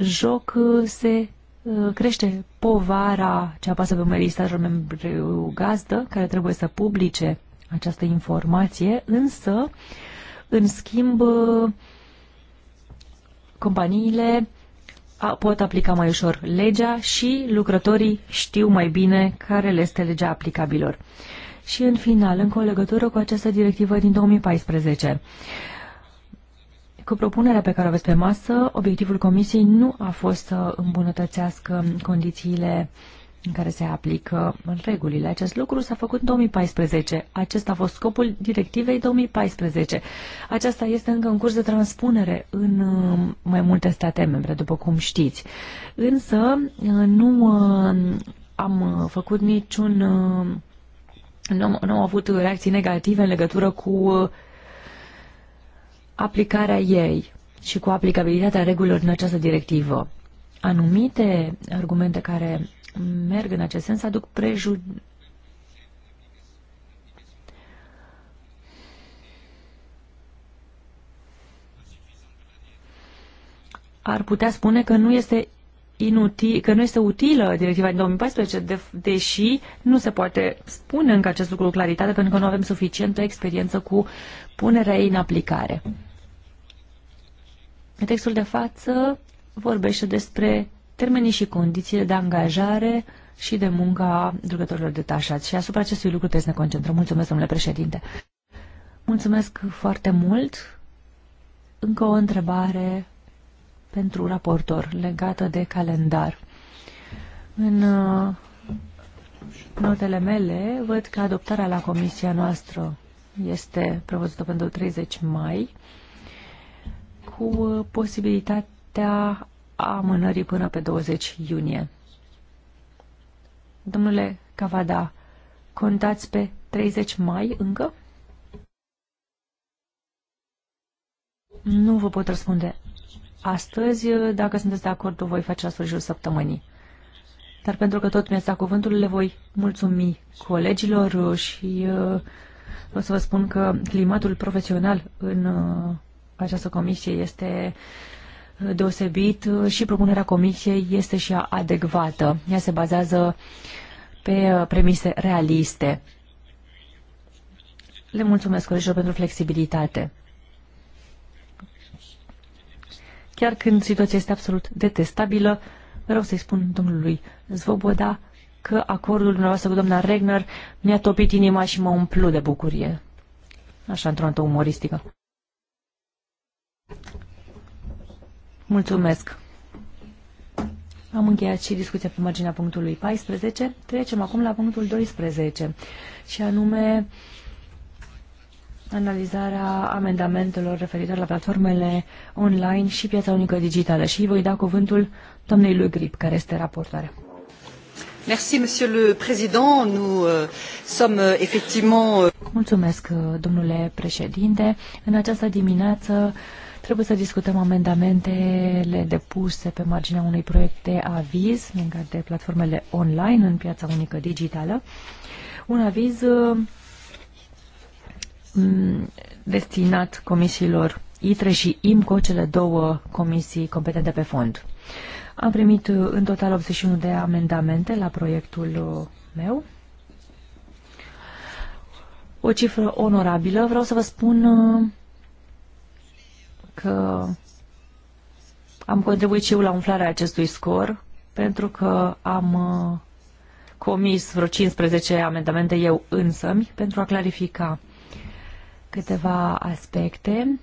joc uh, se uh, crește povara ce apasă pe umerii statelor membru gazdă, care trebuie să publice această informație, însă, în schimb, companiile pot aplica mai ușor legea și lucrătorii știu mai bine care le este legea aplicabilor. Și în final, încă o legătură cu această directivă din 2014. Cu propunerea pe care o aveți pe masă, obiectivul Comisiei nu a fost să îmbunătățească condițiile în care se aplică regulile. Acest lucru s-a făcut în 2014. Acesta a fost scopul directivei 2014. Aceasta este încă în curs de transpunere în uh, mai multe state membre, după cum știți. Însă uh, nu uh, am făcut niciun nu nu am avut reacții negative în legătură cu uh, aplicarea ei și cu aplicabilitatea regulilor în această directivă. Anumite argumente care merg în acest sens aduc prejud ar putea spune că nu este inutil, că nu este utilă directiva din 2014, de, deși nu se poate spune încă acest lucru cu claritate, pentru că nu avem suficientă experiență cu punerea ei în aplicare. Textul de față vorbește despre termenii și condițiile de angajare și de munca a lucrătorilor detașați. Și asupra acestui lucru trebuie să ne concentrăm. Mulțumesc, domnule președinte. Mulțumesc foarte mult. Încă o întrebare pentru raportor legată de calendar. În uh, notele mele văd că adoptarea la comisia noastră este prevăzută pentru 30 mai cu uh, posibilitatea amânării până pe 20 iunie. Domnule Cavada, contați pe 30 mai încă? Nu vă pot răspunde astăzi. Uh, dacă sunteți de acord, o voi face la sfârșitul săptămânii. Dar pentru că tot mi-ați dat cuvântul, le voi mulțumi colegilor uh, și uh, o să vă spun că climatul profesional în această comisie este deosebit și propunerea comisiei este și ea adecvată. Ea se bazează pe premise realiste. Le mulțumesc colegilor pentru flexibilitate. chiar când situația este absolut detestabilă. Vreau să-i spun domnului Zvoboda că acordul dumneavoastră cu doamna Regner mi-a topit inima și mă umplu de bucurie. Așa, într-o notă umoristică. Mulțumesc. Am încheiat și discuția pe marginea punctului 14. Trecem acum la punctul 12 și anume analizarea amendamentelor referitoare la platformele online și piața unică digitală. Și voi da cuvântul doamnei lui Grip, care este raportoare. Merci, Monsieur le Président. Nous euh, sommes euh, effectivement. Euh, Mulțumesc, uh, domnule președinte. În această dimineață trebuie să discutăm amendamentele depuse pe marginea unui proiect de aviz legat de platformele online în piața unică digitală. Un aviz uh, Mm, destinat comisiilor ITRE și IMCO, cele două comisii competente pe fond. Am primit uh, în total 81 de amendamente la proiectul uh, meu. O cifră onorabilă. Vreau să vă spun uh, că am contribuit și eu la umflarea acestui scor, pentru că am comis vreo 15 amendamente eu însămi pentru a clarifica câteva aspecte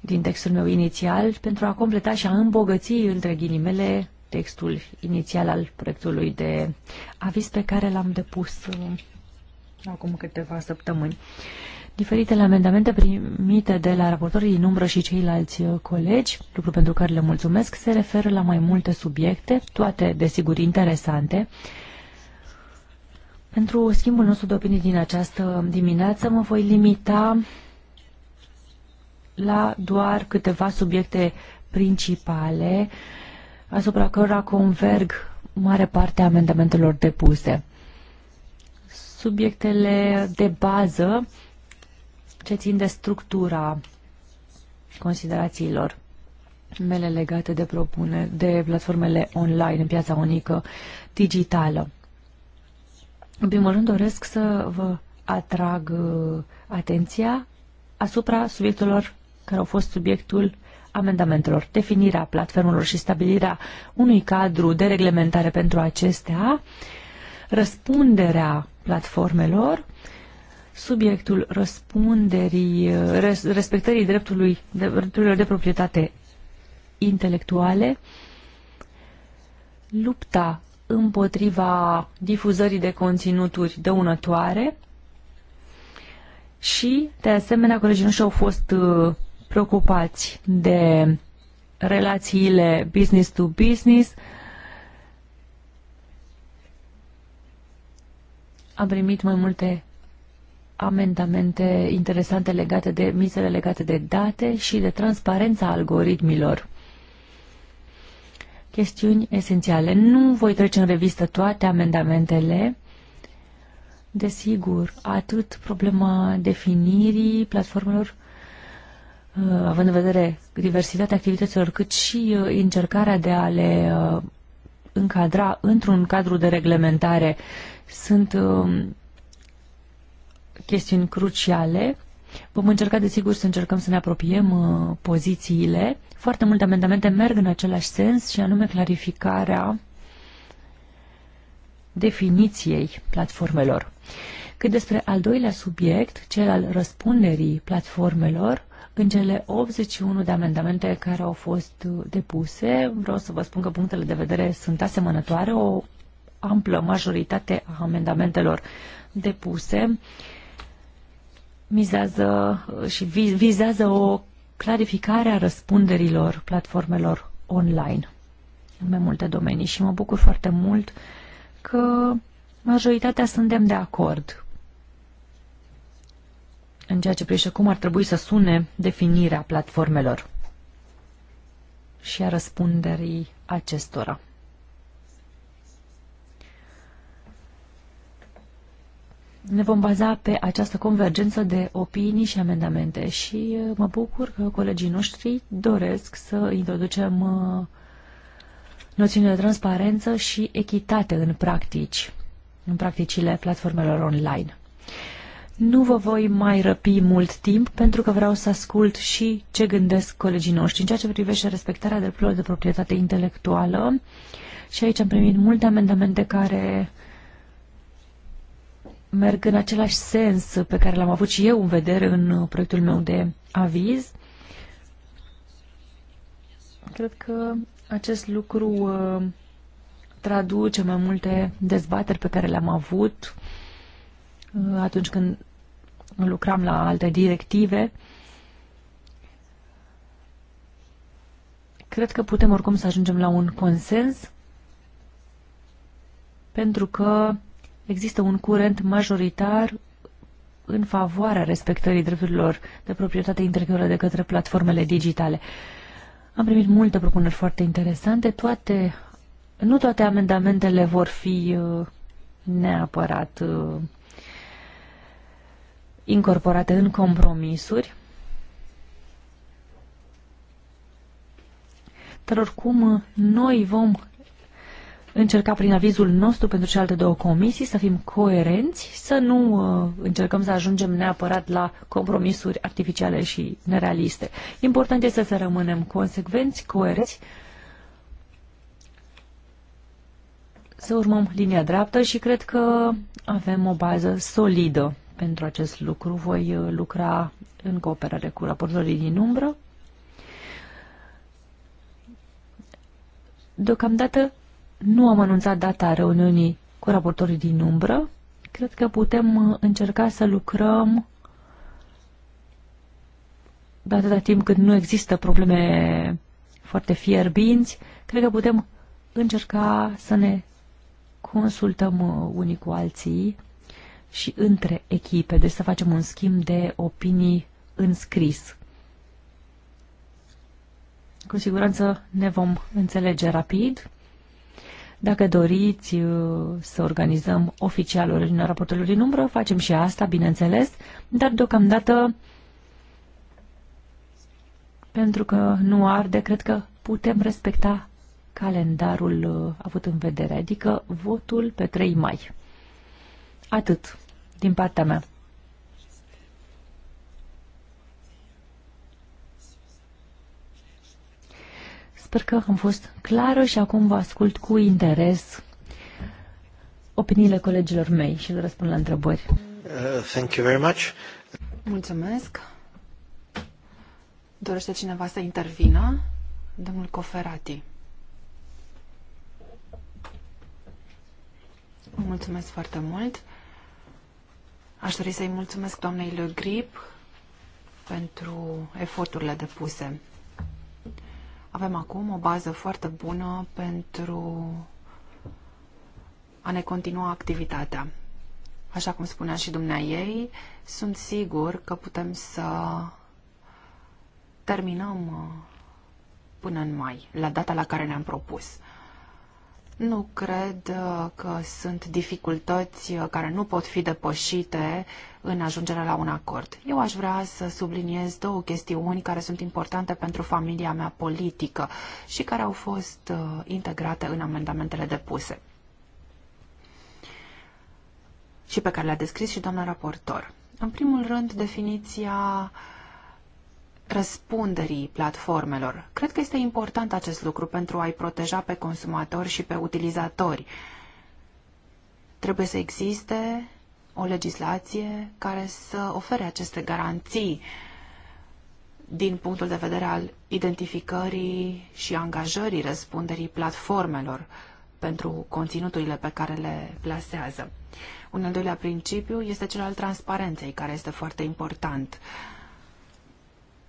din textul meu inițial pentru a completa și a îmbogăți, între ghilimele, textul inițial al proiectului de avis pe care l-am depus uh, acum câteva săptămâni. Diferitele amendamente primite de la raportorii din umbră și ceilalți uh, colegi, lucru pentru care le mulțumesc, se referă la mai multe subiecte, toate desigur interesante, pentru schimbul nostru de opinii din această dimineață mă voi limita la doar câteva subiecte principale asupra cărora converg mare parte a amendamentelor depuse. Subiectele de bază ce țin de structura considerațiilor mele legate de propune de platformele online în piața unică digitală. În primul rând doresc să vă atrag uh, atenția asupra subiectelor care au fost subiectul amendamentelor, definirea platformelor și stabilirea unui cadru de reglementare pentru acestea, răspunderea platformelor, subiectul răspunderii, uh, respectării dreptului, drepturilor de proprietate intelectuale, lupta împotriva difuzării de conținuturi dăunătoare și, de asemenea, colegii noștri au fost uh, preocupați de relațiile business to business. Am primit mai multe amendamente interesante legate de mizele legate de date și de transparența algoritmilor chestiuni esențiale. Nu voi trece în revistă toate amendamentele. Desigur, atât problema definirii platformelor, uh, având în vedere diversitatea activităților, cât și uh, încercarea de a le uh, încadra într-un cadru de reglementare, sunt um, chestiuni cruciale Vom încerca, desigur, să încercăm să ne apropiem uh, pozițiile. Foarte multe amendamente merg în același sens și anume clarificarea definiției platformelor. Cât despre al doilea subiect, cel al răspunderii platformelor, în cele 81 de amendamente care au fost uh, depuse, vreau să vă spun că punctele de vedere sunt asemănătoare, o amplă majoritate a amendamentelor depuse mizează uh, și vizează o clarificare a răspunderilor platformelor online în mai multe domenii și mă bucur foarte mult că majoritatea suntem de acord în ceea ce privește cum ar trebui să sune definirea platformelor și a răspunderii acestora. ne vom baza pe această convergență de opinii și amendamente și uh, mă bucur că colegii noștri doresc să introducem uh, noțiunile de transparență și echitate în practici, în practicile platformelor online. Nu vă voi mai răpi mult timp pentru că vreau să ascult și ce gândesc colegii noștri în ceea ce privește respectarea drepturilor de proprietate intelectuală. Și aici am primit multe amendamente care merg în același sens pe care l-am avut și eu în vedere în uh, proiectul meu de aviz. Cred că acest lucru uh, traduce mai multe dezbateri pe care le-am avut uh, atunci când lucram la alte directive. Cred că putem oricum să ajungem la un consens pentru că există un curent majoritar în favoarea respectării drepturilor de proprietate intelectuală de către platformele digitale. Am primit multe propuneri foarte interesante, toate, nu toate amendamentele vor fi uh, neapărat uh, incorporate în compromisuri, dar oricum uh, noi vom încerca prin avizul nostru pentru celelalte două comisii să fim coerenți, să nu uh, încercăm să ajungem neapărat la compromisuri artificiale și nerealiste. Important este să rămânem consecvenți, coerenți, să urmăm linia dreaptă și cred că avem o bază solidă pentru acest lucru. Voi uh, lucra în cooperare cu raportorii din umbră. Deocamdată nu am anunțat data reuniunii cu raportorii din umbră. Cred că putem uh, încerca să lucrăm de atâta timp cât nu există probleme foarte fierbinți, cred că putem încerca să ne consultăm uh, unii cu alții și între echipe, deci să facem un schimb de opinii în scris. Cu siguranță ne vom înțelege rapid dacă doriți uh, să organizăm oficial o reuniune a raportelor din umbră, facem și asta, bineînțeles, dar deocamdată, pentru că nu arde, cred că putem respecta calendarul uh, avut în vedere, adică votul pe 3 mai. Atât din partea mea. Sper că am fost clară și acum vă ascult cu interes opiniile colegilor mei și le răspund la întrebări. Uh, thank you very much. Mulțumesc. Dorește cineva să intervină? Domnul Coferati. Mulțumesc foarte mult. Aș dori să-i mulțumesc doamnei Le Grip pentru eforturile depuse. Avem acum o bază foarte bună pentru a ne continua activitatea. Așa cum spunea și dumnea ei, sunt sigur că putem să terminăm uh, până în mai, la data la care ne-am propus. Nu cred uh, că sunt dificultăți uh, care nu pot fi depășite în ajungerea la un acord. Eu aș vrea să subliniez două chestiuni care sunt importante pentru familia mea politică și care au fost uh, integrate în amendamentele depuse și pe care le-a descris și doamna raportor. În primul rând, definiția răspunderii platformelor. Cred că este important acest lucru pentru a-i proteja pe consumatori și pe utilizatori. Trebuie să existe o legislație care să ofere aceste garanții din punctul de vedere al identificării și angajării răspunderii platformelor pentru conținuturile pe care le plasează. Un al doilea principiu este cel al transparenței, care este foarte important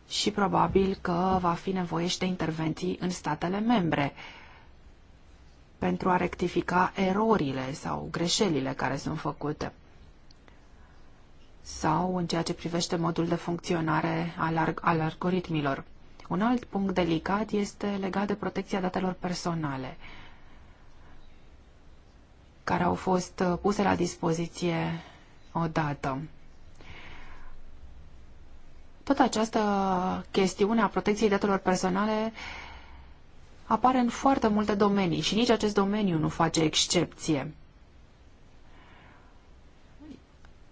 și probabil că va fi nevoie și de intervenții în statele membre pentru a rectifica erorile sau greșelile care sunt făcute sau în ceea ce privește modul de funcționare al, al algoritmilor. Un alt punct delicat este legat de protecția datelor personale care au fost uh, puse la dispoziție odată. Tot această chestiune a protecției datelor personale apare în foarte multe domenii și nici acest domeniu nu face excepție.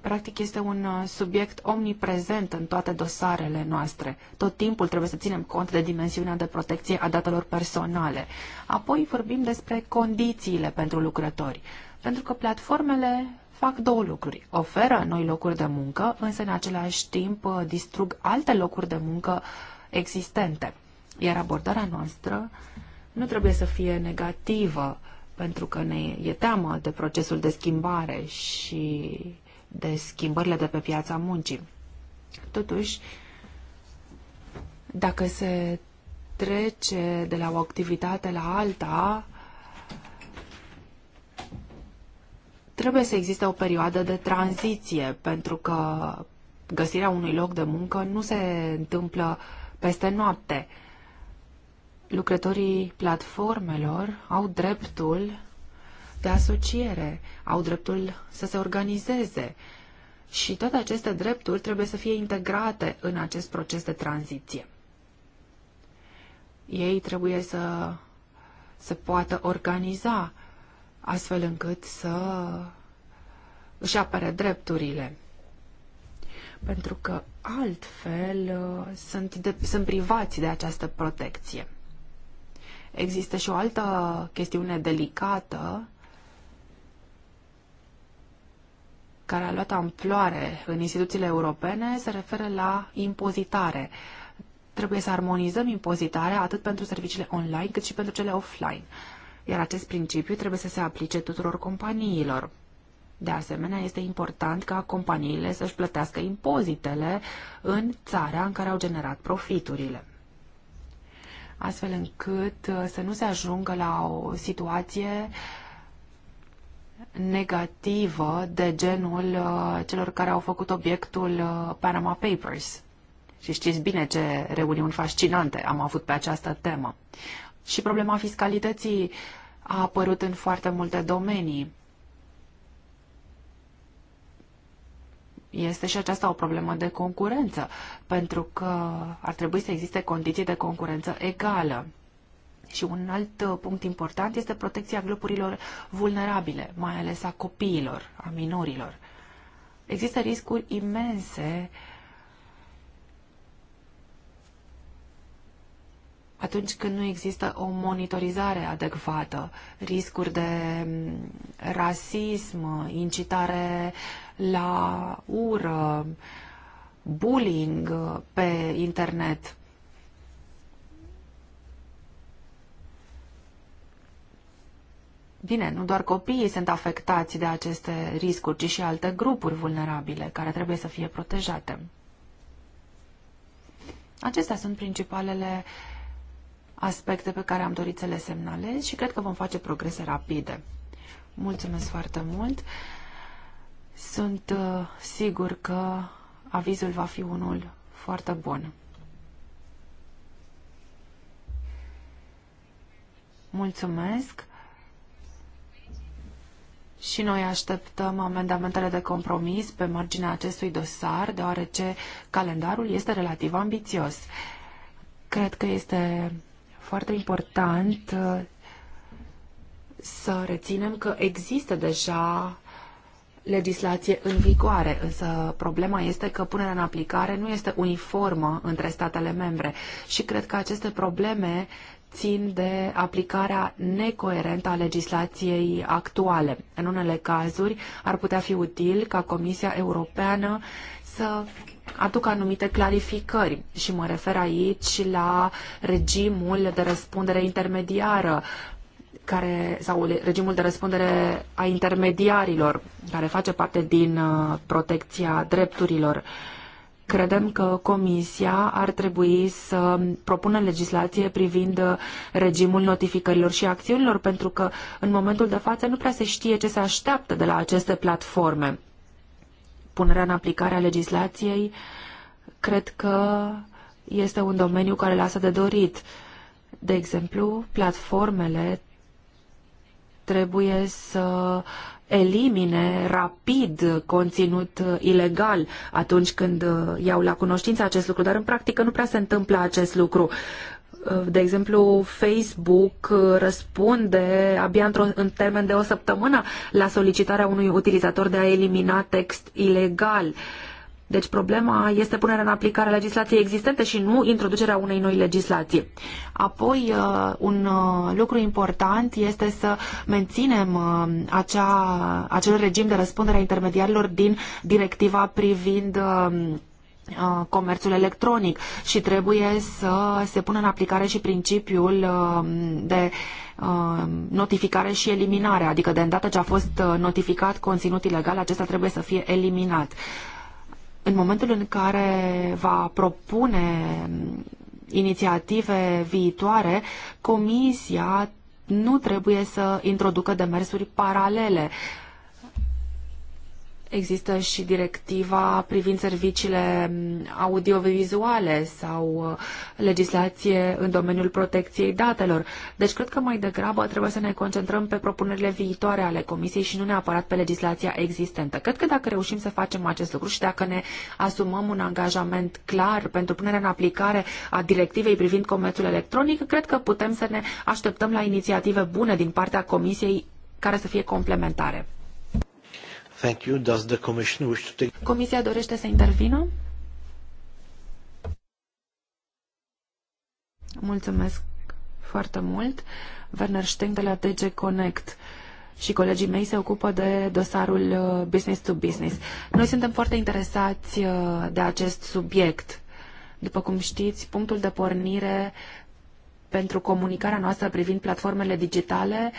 practic este un uh, subiect omniprezent în toate dosarele noastre. Tot timpul trebuie să ținem cont de dimensiunea de protecție a datelor personale. Apoi vorbim despre condițiile pentru lucrători, pentru că platformele fac două lucruri. Oferă noi locuri de muncă, însă în același timp uh, distrug alte locuri de muncă existente. Iar abordarea noastră nu trebuie să fie negativă, pentru că ne e teamă de procesul de schimbare și de schimbările de pe piața muncii. Totuși, dacă se trece de la o activitate la alta, trebuie să existe o perioadă de tranziție, pentru că găsirea unui loc de muncă nu se întâmplă peste noapte. Lucrătorii platformelor au dreptul de asociere, au dreptul să se organizeze și toate aceste drepturi trebuie să fie integrate în acest proces de tranziție. Ei trebuie să se poată organiza astfel încât să își apere drepturile. Pentru că altfel uh, sunt, de, sunt privați de această protecție. Există și o altă chestiune delicată care a luat amploare în instituțiile europene se referă la impozitare. Trebuie să armonizăm impozitarea atât pentru serviciile online cât și pentru cele offline. Iar acest principiu trebuie să se aplice tuturor companiilor. De asemenea, este important ca companiile să-și plătească impozitele în țara în care au generat profiturile astfel încât uh, să nu se ajungă la o situație uh, negativă de genul uh, celor care au făcut obiectul uh, Panama Papers. Și știți bine ce reuniuni fascinante am avut pe această temă. Și problema fiscalității a apărut în foarte multe domenii. Este și aceasta o problemă de concurență, pentru că ar trebui să existe condiții de concurență egală. Și un alt uh, punct important este protecția grupurilor vulnerabile, mai ales a copiilor, a minorilor. Există riscuri imense atunci când nu există o monitorizare adecvată, riscuri de mm, rasism, incitare la ură, bullying pe internet. Bine, nu doar copiii sunt afectați de aceste riscuri, ci și alte grupuri vulnerabile care trebuie să fie protejate. Acestea sunt principalele aspecte pe care am dorit să le semnalez și cred că vom face progrese rapide. Mulțumesc foarte mult! Sunt uh, sigur că avizul va fi unul foarte bun. Mulțumesc! și noi așteptăm amendamentele de compromis pe marginea acestui dosar, deoarece calendarul este relativ ambițios. Cred că este foarte important uh, să reținem că există deja legislație în vigoare, însă problema este că punerea în aplicare nu este uniformă între statele membre și cred că aceste probleme țin de aplicarea necoerentă a legislației actuale. În unele cazuri ar putea fi util ca Comisia Europeană să aduc anumite clarificări și mă refer aici la regimul de răspundere intermediară care, sau regimul de răspundere a intermediarilor, care face parte din uh, protecția drepturilor. Uh, Credem că Comisia ar trebui să propună legislație privind regimul notificărilor și acțiunilor, pentru că în momentul de față nu prea se știe ce se așteaptă de la aceste platforme. Punerea în aplicare a legislației cred că este un domeniu care lasă de dorit. De exemplu, platformele trebuie să elimine rapid conținut ilegal atunci când uh, iau la cunoștință acest lucru, dar în practică nu prea se întâmplă acest lucru. Uh, de exemplu, Facebook uh, răspunde abia într în termen de o săptămână la solicitarea unui utilizator de a elimina text ilegal. Uh, deci problema este punerea în aplicare a legislației existente și nu introducerea unei noi legislații. Apoi, uh, un uh, lucru important este să menținem uh, acea, acel regim de răspundere a intermediarilor din directiva privind comerțul electronic și trebuie să se pună în aplicare și principiul de notificare și eliminare, adică de îndată ce a fost notificat conținut ilegal, acesta trebuie să fie eliminat în momentul în care va propune inițiative viitoare, Comisia nu trebuie să introducă demersuri paralele Există și directiva privind serviciile audiovizuale sau uh, legislație în domeniul protecției datelor. Deci cred că mai degrabă trebuie să ne concentrăm pe propunerile viitoare ale Comisiei și nu neapărat pe legislația existentă. Cred că dacă reușim să facem acest lucru și dacă ne asumăm un angajament clar pentru punerea în aplicare a directivei privind comerțul electronic, cred că putem să ne așteptăm la inițiative bune din partea Comisiei care să fie complementare. Thank you. Does the commission wish to take... Comisia dorește să intervină? Mulțumesc foarte mult. Werner Steng de la DG Connect și colegii mei se ocupă de dosarul uh, business to business. Noi suntem foarte interesați uh, de acest subiect. După cum știți, punctul de pornire pentru comunicarea noastră privind platformele digitale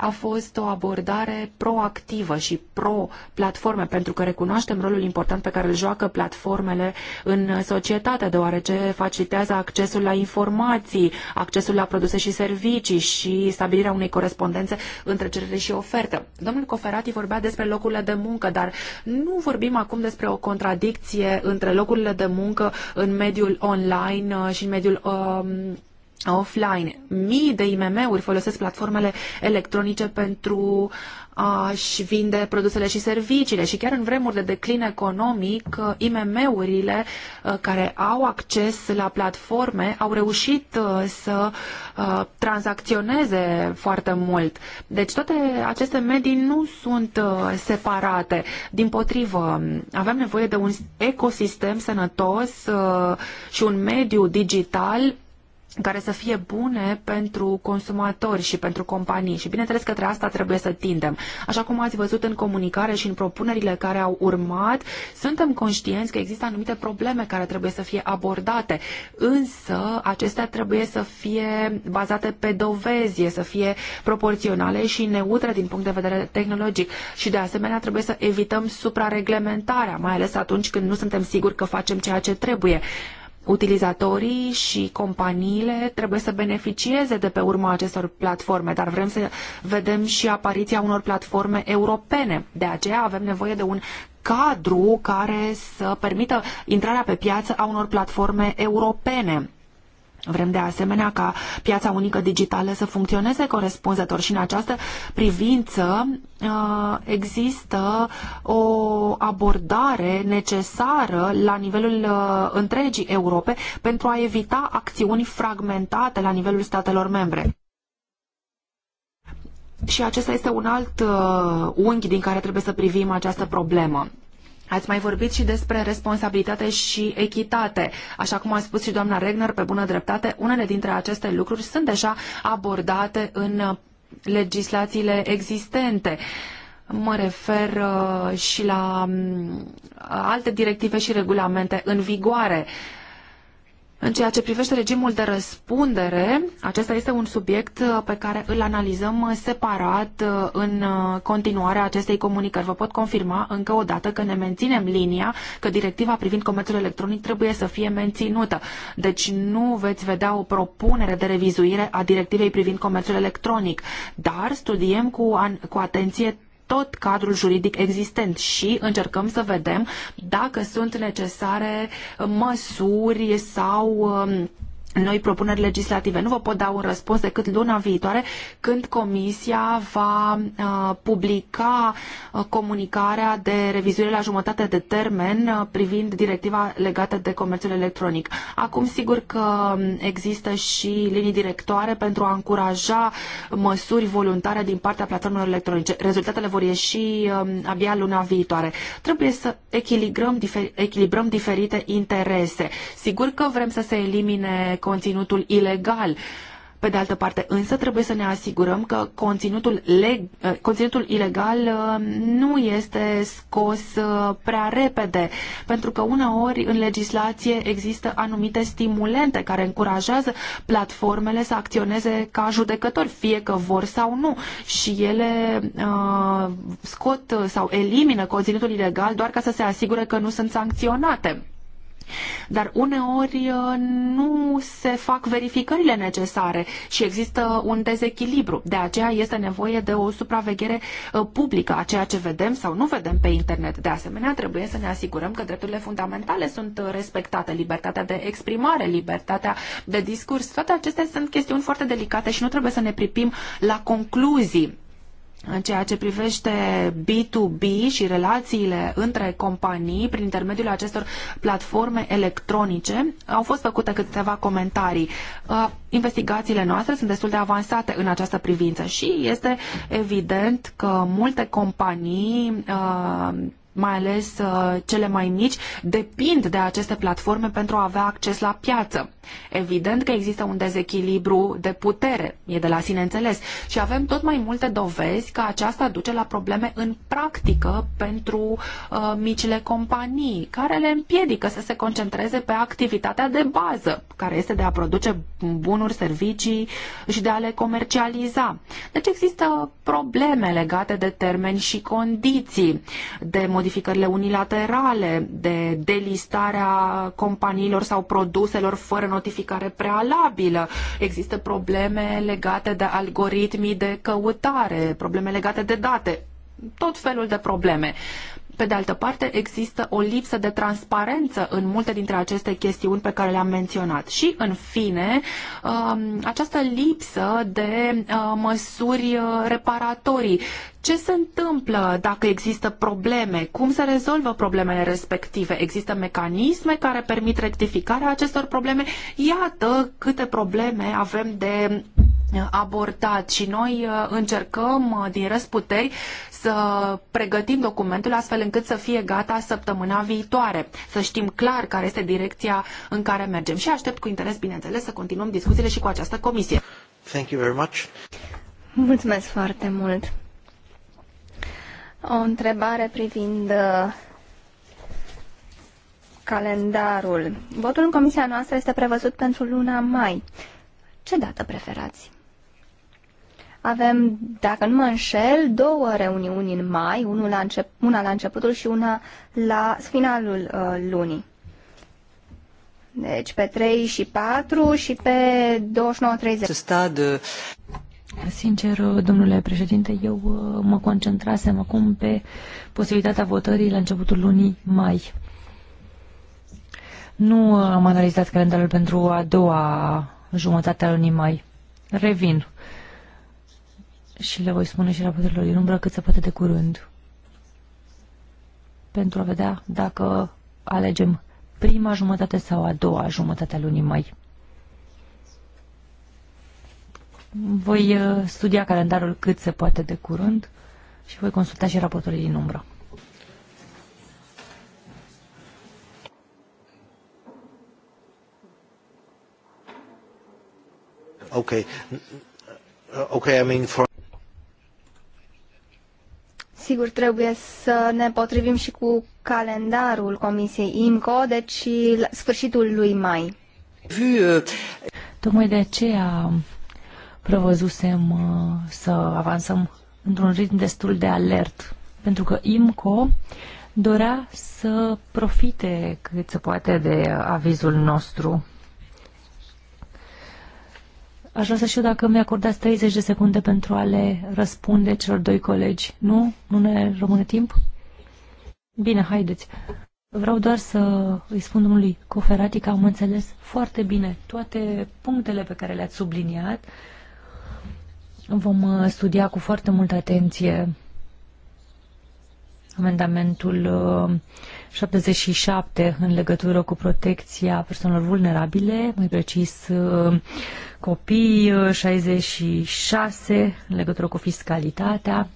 a fost o abordare proactivă și pro-platforme, pentru că recunoaștem rolul important pe care îl joacă platformele în societate, deoarece facilitează accesul la informații, accesul la produse și servicii și stabilirea unei corespondențe între cerere și ofertă. Domnul Coferati vorbea despre locurile de muncă, dar nu vorbim acum despre o contradicție între locurile de muncă în mediul online uh, și în mediul um, offline. Mii de IMM-uri folosesc platformele electronice pentru a-și vinde produsele și serviciile și chiar în vremuri de declin economic, IMM-urile uh, care au acces la platforme au reușit uh, să uh, tranzacționeze foarte mult. Deci toate aceste medii nu sunt separate. Din potrivă, avem nevoie de un ecosistem sănătos și un mediu digital care să fie bune pentru consumatori și pentru companii și bineînțeles către asta trebuie să tindem. Așa cum ați văzut în comunicare și în propunerile care au urmat, suntem conștienți că există anumite probleme care trebuie să fie abordate, însă acestea trebuie să fie bazate pe dovezi, să fie proporționale și neutre din punct de vedere tehnologic și de asemenea trebuie să evităm suprareglementarea, mai ales atunci când nu suntem siguri că facem ceea ce trebuie utilizatorii și companiile trebuie să beneficieze de pe urma acestor platforme, dar vrem să vedem și apariția unor platforme europene. De aceea avem nevoie de un cadru care să permită intrarea pe piață a unor platforme europene Vrem de asemenea ca piața unică digitală să funcționeze corespunzător și în această privință uh, există o abordare necesară la nivelul uh, întregii Europe pentru a evita acțiuni fragmentate la nivelul statelor membre. Și acesta este un alt uh, unghi din care trebuie să privim această problemă. Ați mai vorbit și despre responsabilitate și echitate. Așa cum a spus și doamna Regner, pe bună dreptate, unele dintre aceste lucruri sunt deja abordate în uh, legislațiile existente. Mă refer uh, și la mm, alte directive și regulamente în vigoare. Uh, în ceea ce privește regimul de răspundere, acesta este un subiect uh, pe care îl analizăm uh, separat uh, în continuarea acestei comunicări. Vă pot confirma încă o dată că ne menținem linia, că directiva privind comerțul electronic trebuie să fie menținută. Deci nu veți vedea o propunere de revizuire a directivei privind comerțul electronic, dar studiem cu, an- cu atenție tot cadrul juridic existent și încercăm să vedem dacă sunt necesare măsuri sau um, noi propuneri legislative. Nu vă pot da un răspuns decât luna viitoare, când Comisia va uh, publica uh, comunicarea de revizuire la jumătate de termen uh, privind directiva legată de comerțul electronic. Acum, sigur că um, există și linii directoare pentru a încuraja măsuri voluntare din partea platformelor electronice. Rezultatele vor ieși um, abia luna viitoare. Trebuie să echilibrăm, echilibrăm diferite interese. Sigur că vrem să se elimine conținutul ilegal. Pe de altă parte, însă, trebuie să ne asigurăm că conținutul, leg- eh, conținutul ilegal eh, nu este scos eh, prea repede, pentru că uneori în legislație există anumite stimulente care încurajează platformele să acționeze ca judecători, fie că vor sau nu, și ele uh, scot sau elimină conținutul ilegal doar ca să se asigure că nu sunt sancționate dar uneori uh, nu se fac verificările necesare și există un dezechilibru. De aceea este nevoie de o supraveghere uh, publică a ceea ce vedem sau nu vedem pe internet. De asemenea, trebuie să ne asigurăm că drepturile fundamentale sunt respectate, libertatea de exprimare, libertatea de discurs. Toate acestea sunt chestiuni foarte delicate și nu trebuie să ne pripim la concluzii în ceea ce privește B2B și relațiile între companii prin intermediul acestor platforme electronice, au fost făcute câteva comentarii. Uh, investigațiile noastre sunt destul de avansate în această privință și este evident că multe companii uh, mai ales uh, cele mai mici, depind de aceste platforme pentru a avea acces la piață. Evident că există un dezechilibru de putere, e de la sine înțeles, și avem tot mai multe dovezi că aceasta duce la probleme în practică pentru uh, micile companii, care le împiedică să se concentreze pe activitatea de bază, care este de a produce bunuri, servicii și de a le comercializa. Deci există probleme legate de termeni și condiții, de modificare modificările unilaterale, de delistarea companiilor sau produselor fără notificare prealabilă. Există probleme legate de algoritmii de căutare, probleme legate de date, tot felul de probleme. Pe de altă parte, există o lipsă de transparență în multe dintre aceste chestiuni pe care le-am menționat. Și, în fine, um, această lipsă de uh, măsuri uh, reparatorii. Ce se întâmplă dacă există probleme? Cum se rezolvă problemele respective? Există mecanisme care permit rectificarea acestor probleme? Iată câte probleme avem de abordat și noi uh, încercăm uh, din răsputeri să pregătim documentul astfel încât să fie gata săptămâna viitoare, să știm clar care este direcția în care mergem și aștept cu interes, bineînțeles, să continuăm discuțiile și cu această comisie. Thank you very much. Mulțumesc foarte mult. O întrebare privind uh, calendarul. Votul în comisia noastră este prevăzut pentru luna mai. Ce dată preferați? Avem, dacă nu mă înșel, două reuniuni în mai, unul la încep, una la începutul și una la finalul uh, lunii. Deci pe 3 și 4 și pe 29-30. Sincer, domnule președinte, eu uh, mă concentrasem acum pe posibilitatea votării la începutul lunii mai. Nu uh, am analizat calendarul pentru a doua jumătate a lunii mai. Revin și le voi spune și raportelor din umbră cât se poate de curând pentru a vedea dacă alegem prima jumătate sau a doua jumătate a lunii mai. Voi uh, studia calendarul cât se poate de curând și voi consulta și raportorii din umbră. Okay. Okay, I mean for Sigur, trebuie să ne potrivim și cu calendarul Comisiei IMCO, deci sfârșitul lui mai. Tocmai de aceea prevăzusem uh, să avansăm într-un ritm destul de alert, pentru că IMCO dorea să profite cât se poate de avizul nostru Aș vrea să știu dacă mi acordați 30 de secunde pentru a le răspunde celor doi colegi. Nu? Nu ne rămâne timp? Bine, haideți. Vreau doar să îi spun domnului Coferati că am înțeles foarte bine toate punctele pe care le-ați subliniat. Vom uh, studia cu foarte multă atenție amendamentul uh, 77 în legătură cu protecția persoanelor vulnerabile, mai precis uh, copii, 66 uh, în legătură cu fiscalitatea,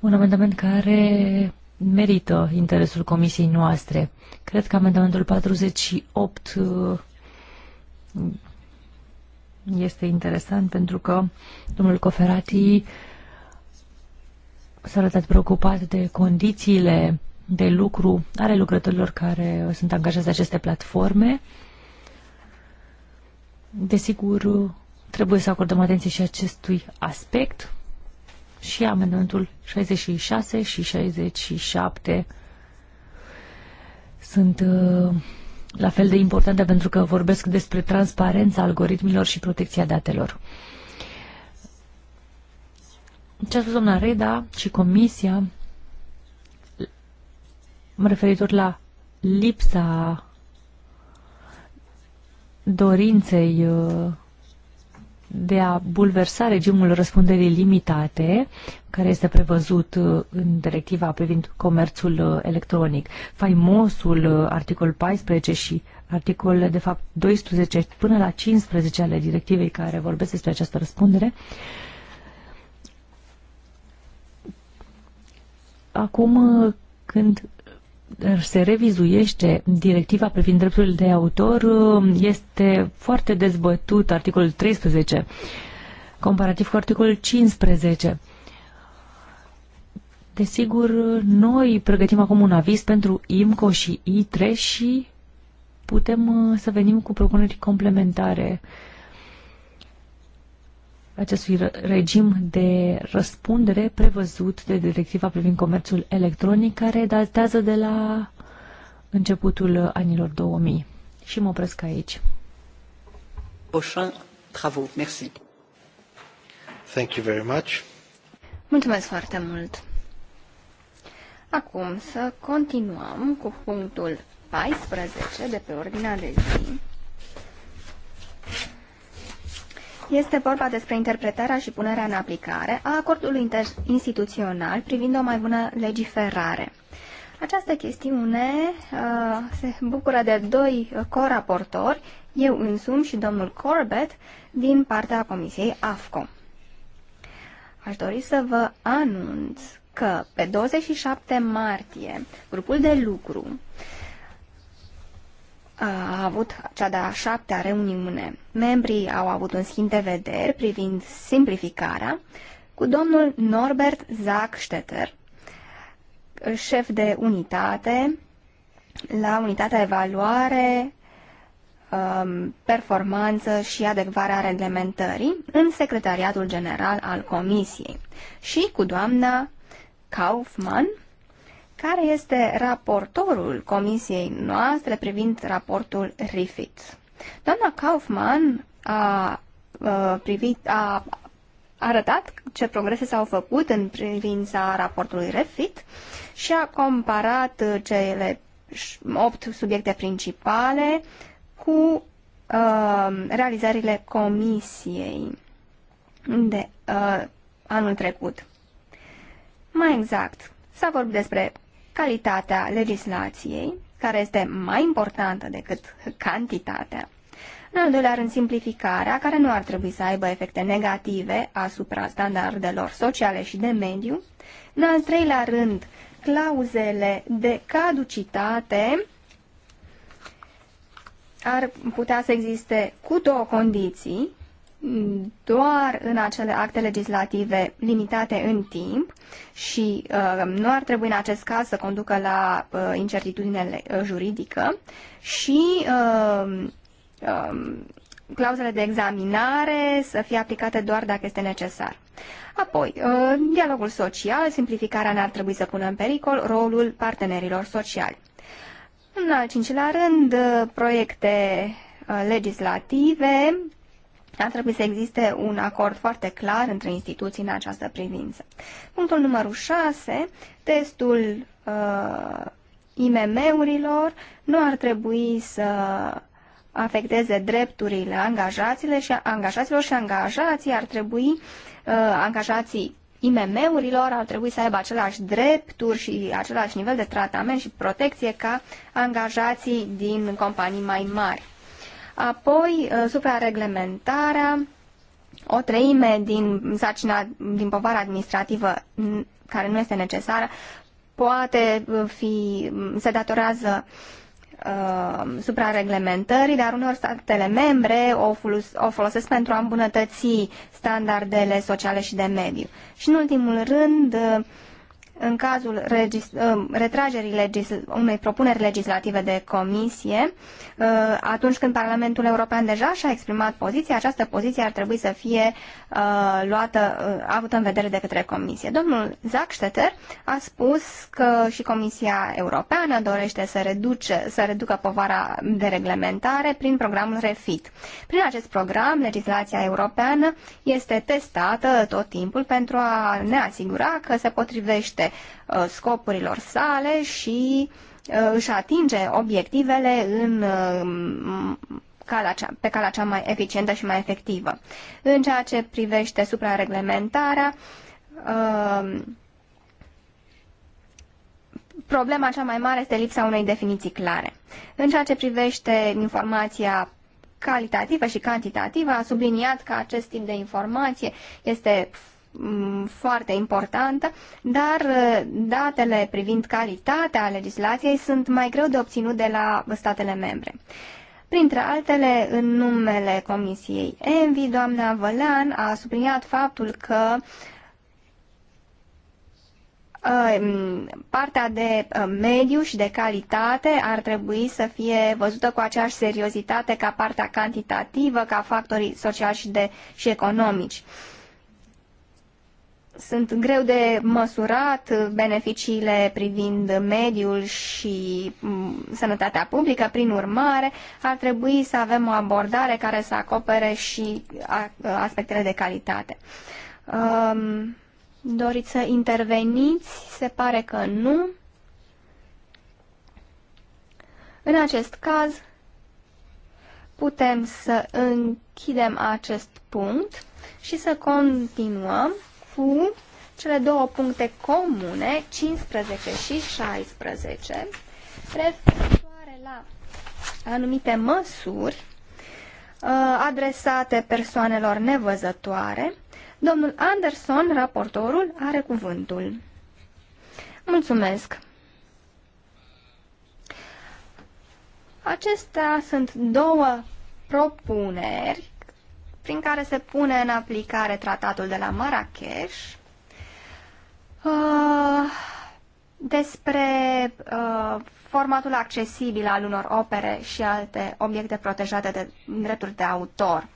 un amendament care merită interesul comisiei noastre. Cred că amendamentul 48 uh, este interesant pentru că domnul Coferati s-a arătat preocupat de condițiile de lucru ale lucrătorilor care sunt angajați de aceste platforme. Desigur, trebuie să acordăm atenție și acestui aspect și amendamentul 66 și 67 sunt uh, la fel de importante pentru că vorbesc despre transparența algoritmilor și protecția datelor. Ce a spus doamna Reda și Comisia referitor la lipsa dorinței uh, de a bulversa regimul răspunderii limitate, care este prevăzut uh, în directiva privind comerțul uh, electronic. Faimosul articol 14 și articolele, de fapt, 12 până la 15 ale directivei care vorbesc despre această răspundere, acum când se revizuiește directiva privind drepturile de autor este foarte dezbătut articolul 13 comparativ cu articolul 15. Desigur, noi pregătim acum un aviz pentru IMCO și ITRE și putem uh, să venim cu propuneri complementare uh, acestui regim de răspundere prevăzut de directiva privind comerțul electronic, care datează de la începutul anilor 2000. Și mă opresc aici. Thank you very much. Mulțumesc foarte mult. Acum să continuăm cu punctul 14 de pe ordinea de zi Este vorba despre interpretarea și punerea în aplicare a acordului interinstituțional privind o mai bună legiferare. Această chestiune uh, se bucură de doi coraportori, eu însumi și domnul Corbett, din partea Comisiei AFCO. Aș dori să vă anunț că pe 27 martie, grupul de lucru uh, a avut cea de-a șaptea reuniune. Membrii au avut un schimb de vederi privind simplificarea cu domnul Norbert Zagstetter, șef de unitate la unitatea evaluare, um, performanță și adecvarea reglementării în secretariatul general al comisiei și cu doamna Kaufmann, care este raportorul comisiei noastre privind raportul RIFIT. Doamna Kaufman a, a, privit, a arătat ce progrese s-au făcut în privința raportului REFIT și a comparat cele opt subiecte principale cu a, realizările comisiei de a, anul trecut. Mai exact, s-a vorbit despre calitatea legislației, care este mai importantă decât cantitatea. În al doilea rând, simplificarea, care nu ar trebui să aibă efecte negative asupra standardelor sociale și de mediu. În al treilea rând, clauzele de caducitate ar putea să existe cu două condiții, doar în acele acte legislative limitate în timp și uh, nu ar trebui în acest caz să conducă la uh, incertitudine uh, juridică și uh, uh, clauzele de examinare să fie aplicate doar dacă este necesar. Apoi, uh, dialogul social, simplificarea n-ar trebui să pună în pericol rolul partenerilor sociali. În al cincilea rând, uh, proiecte uh, legislative ar da, trebui să existe un acord foarte clar între instituții în această privință. Punctul numărul 6, testul uh, IMM-urilor nu ar trebui să afecteze drepturile angajaților și angajaților și angajații ar trebui, uh, angajații IMM-urilor ar trebui să aibă același drepturi și același nivel de tratament și protecție ca angajații din companii mai mari. Apoi, uh, suprareglementarea, o treime din sarcina, din povara administrativă care nu este necesară, poate uh, fi, mm, se datorează uh, suprareglementării, dar unor statele membre o, folos, o folosesc pentru a îmbunătăți standardele sociale și de mediu. Și în ultimul rând, uh, în cazul regis, um, retragerii unei propuneri legislative de comisie, uh, atunci când Parlamentul European deja și-a exprimat poziția, această poziție ar trebui să fie uh, luată, uh, avută în vedere de către comisie. Domnul Zacksteter a spus că și Comisia Europeană dorește să, reduce, să reducă povara de reglementare prin programul REFIT. Prin acest program, legislația europeană este testată tot timpul pentru a ne asigura că se potrivește Uh, scopurilor sale și uh, își atinge obiectivele în uh, calea cea, pe calea cea mai eficientă și mai efectivă. În ceea ce privește suprareglementarea, problema cea mai mare este lipsa unei definiții clare. În ceea ce privește informația calitativă și cantitativă, a subliniat că acest tip de informație este Mm, foarte importantă, dar uh, datele privind calitatea legislației sunt mai greu de obținut de la statele membre. Printre altele, în numele Comisiei Envi, doamna Vălean a subliniat faptul că uh, partea de uh, mediu și de calitate ar trebui să fie văzută cu aceeași seriozitate ca partea cantitativă, ca factorii sociali și, de, și economici. Uh, sunt greu de măsurat beneficiile privind mediul și mm, sănătatea publică, prin urmare ar trebui să avem o abordare care să acopere și aspectele de calitate. Um, doriți să interveniți? Se pare că nu. În acest caz, putem să închidem acest punct și să continuăm cu cele două puncte comune, 15 și 16, referitoare la anumite măsuri uh, adresate persoanelor nevăzătoare, domnul Anderson, raportorul, are cuvântul. Mulțumesc! Acestea sunt două propuneri prin care se pune în aplicare tratatul de la Marrakesh uh, despre uh, formatul accesibil al unor opere și alte obiecte protejate de drepturi de autor.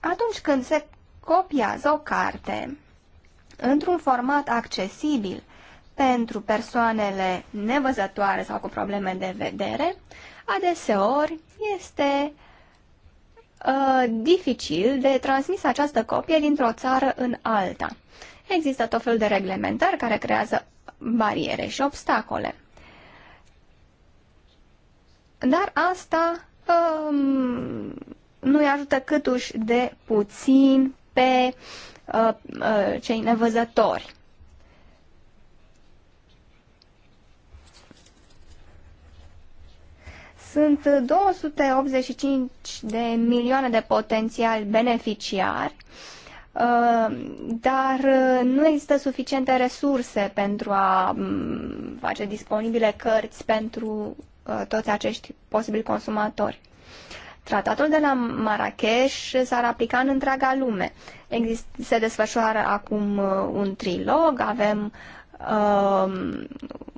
Atunci când se copiază o carte într-un format accesibil pentru persoanele nevăzătoare sau cu probleme de vedere, adeseori este uh, dificil de transmis această copie dintr-o țară în alta. Există tot felul de reglementări care creează bariere și obstacole. Dar asta um, nu îi ajută câtuși de puțin pe uh, uh, cei nevăzători. Sunt 285 de milioane de potențiali beneficiari, uh, dar uh, nu există suficiente resurse pentru a mm, face disponibile cărți pentru uh, toți acești posibili consumatori. Tratatul de la Marrakesh s-ar aplica în întreaga lume. Exist- se desfășoară acum un trilog, avem uh,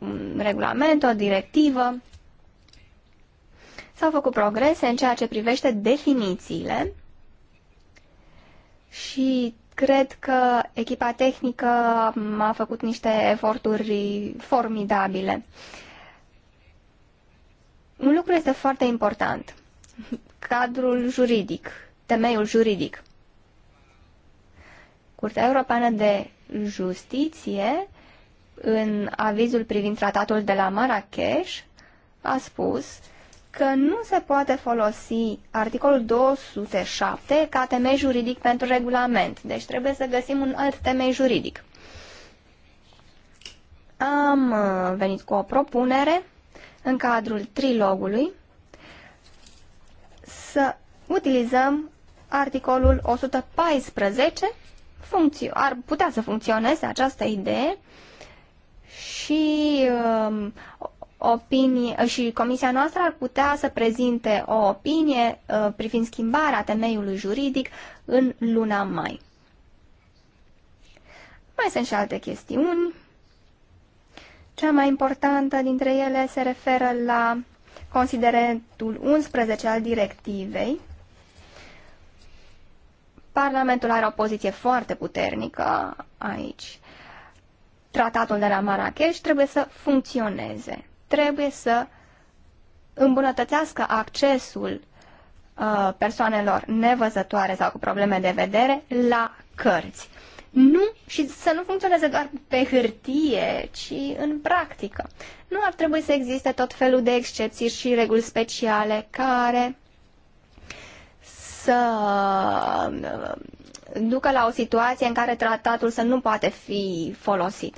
un regulament, o directivă S-au făcut progrese în ceea ce privește definițiile și cred că echipa tehnică a făcut niște eforturi formidabile. Un lucru este foarte important. Cadrul juridic, temeiul juridic. Curtea Europeană de Justiție, în avizul privind tratatul de la Marrakesh, a spus că nu se poate folosi articolul 207 ca temei juridic pentru regulament. Deci trebuie să găsim un alt temei juridic. Am uh, venit cu o propunere în cadrul trilogului să utilizăm articolul 114. Funcțio- ar putea să funcționeze această idee și um, opinie uh, și comisia noastră ar putea să prezinte o opinie uh, privind schimbarea temeiului juridic în luna mai. Mai sunt și alte chestiuni. Cea mai importantă dintre ele se referă la considerentul 11 al directivei. Parlamentul are o poziție foarte puternică aici. Tratatul de la Marrakesh trebuie să funcționeze trebuie să îmbunătățească accesul uh, persoanelor nevăzătoare sau cu probleme de vedere la cărți. Nu și să nu funcționeze doar pe hârtie, ci în practică. Nu ar trebui să existe tot felul de excepții și reguli speciale care să uh, ducă la o situație în care tratatul să nu poate fi folosit.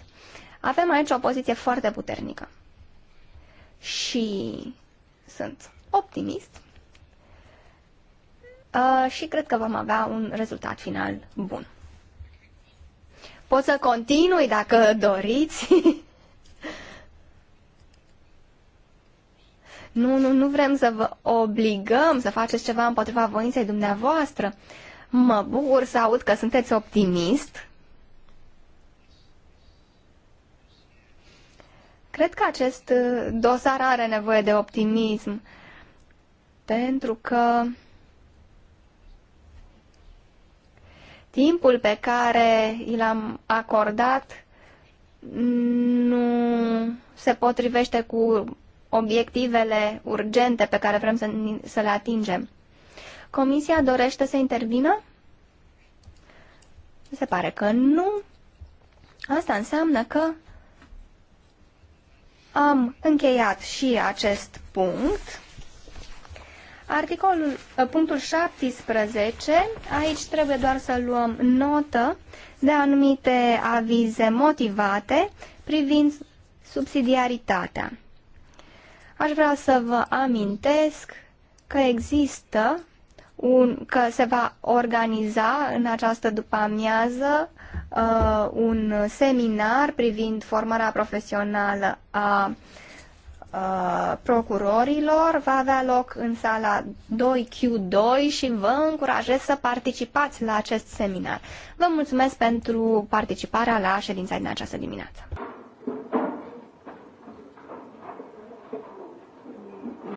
Avem aici o poziție foarte puternică și sunt optimist uh, și cred că vom avea un rezultat final bun. Pot să continui dacă doriți. nu, nu, nu vrem să vă obligăm să faceți ceva împotriva voinței dumneavoastră. Mă bucur să aud că sunteți optimist Cred că acest uh, dosar are nevoie de optimism, pentru că timpul pe care i l-am acordat nu se potrivește cu obiectivele urgente pe care vrem să, să le atingem. Comisia dorește să intervină? Se pare că nu. Asta înseamnă că am încheiat și acest punct. Articolul, ă, punctul 17, aici trebuie doar să luăm notă de anumite avize motivate privind subsidiaritatea. Aș vrea să vă amintesc că există un, că se va organiza în această după-amiază uh, un seminar privind formarea profesională a uh, procurorilor. Va avea loc în sala 2Q2 și vă încurajez să participați la acest seminar. Vă mulțumesc pentru participarea la ședința din această dimineață.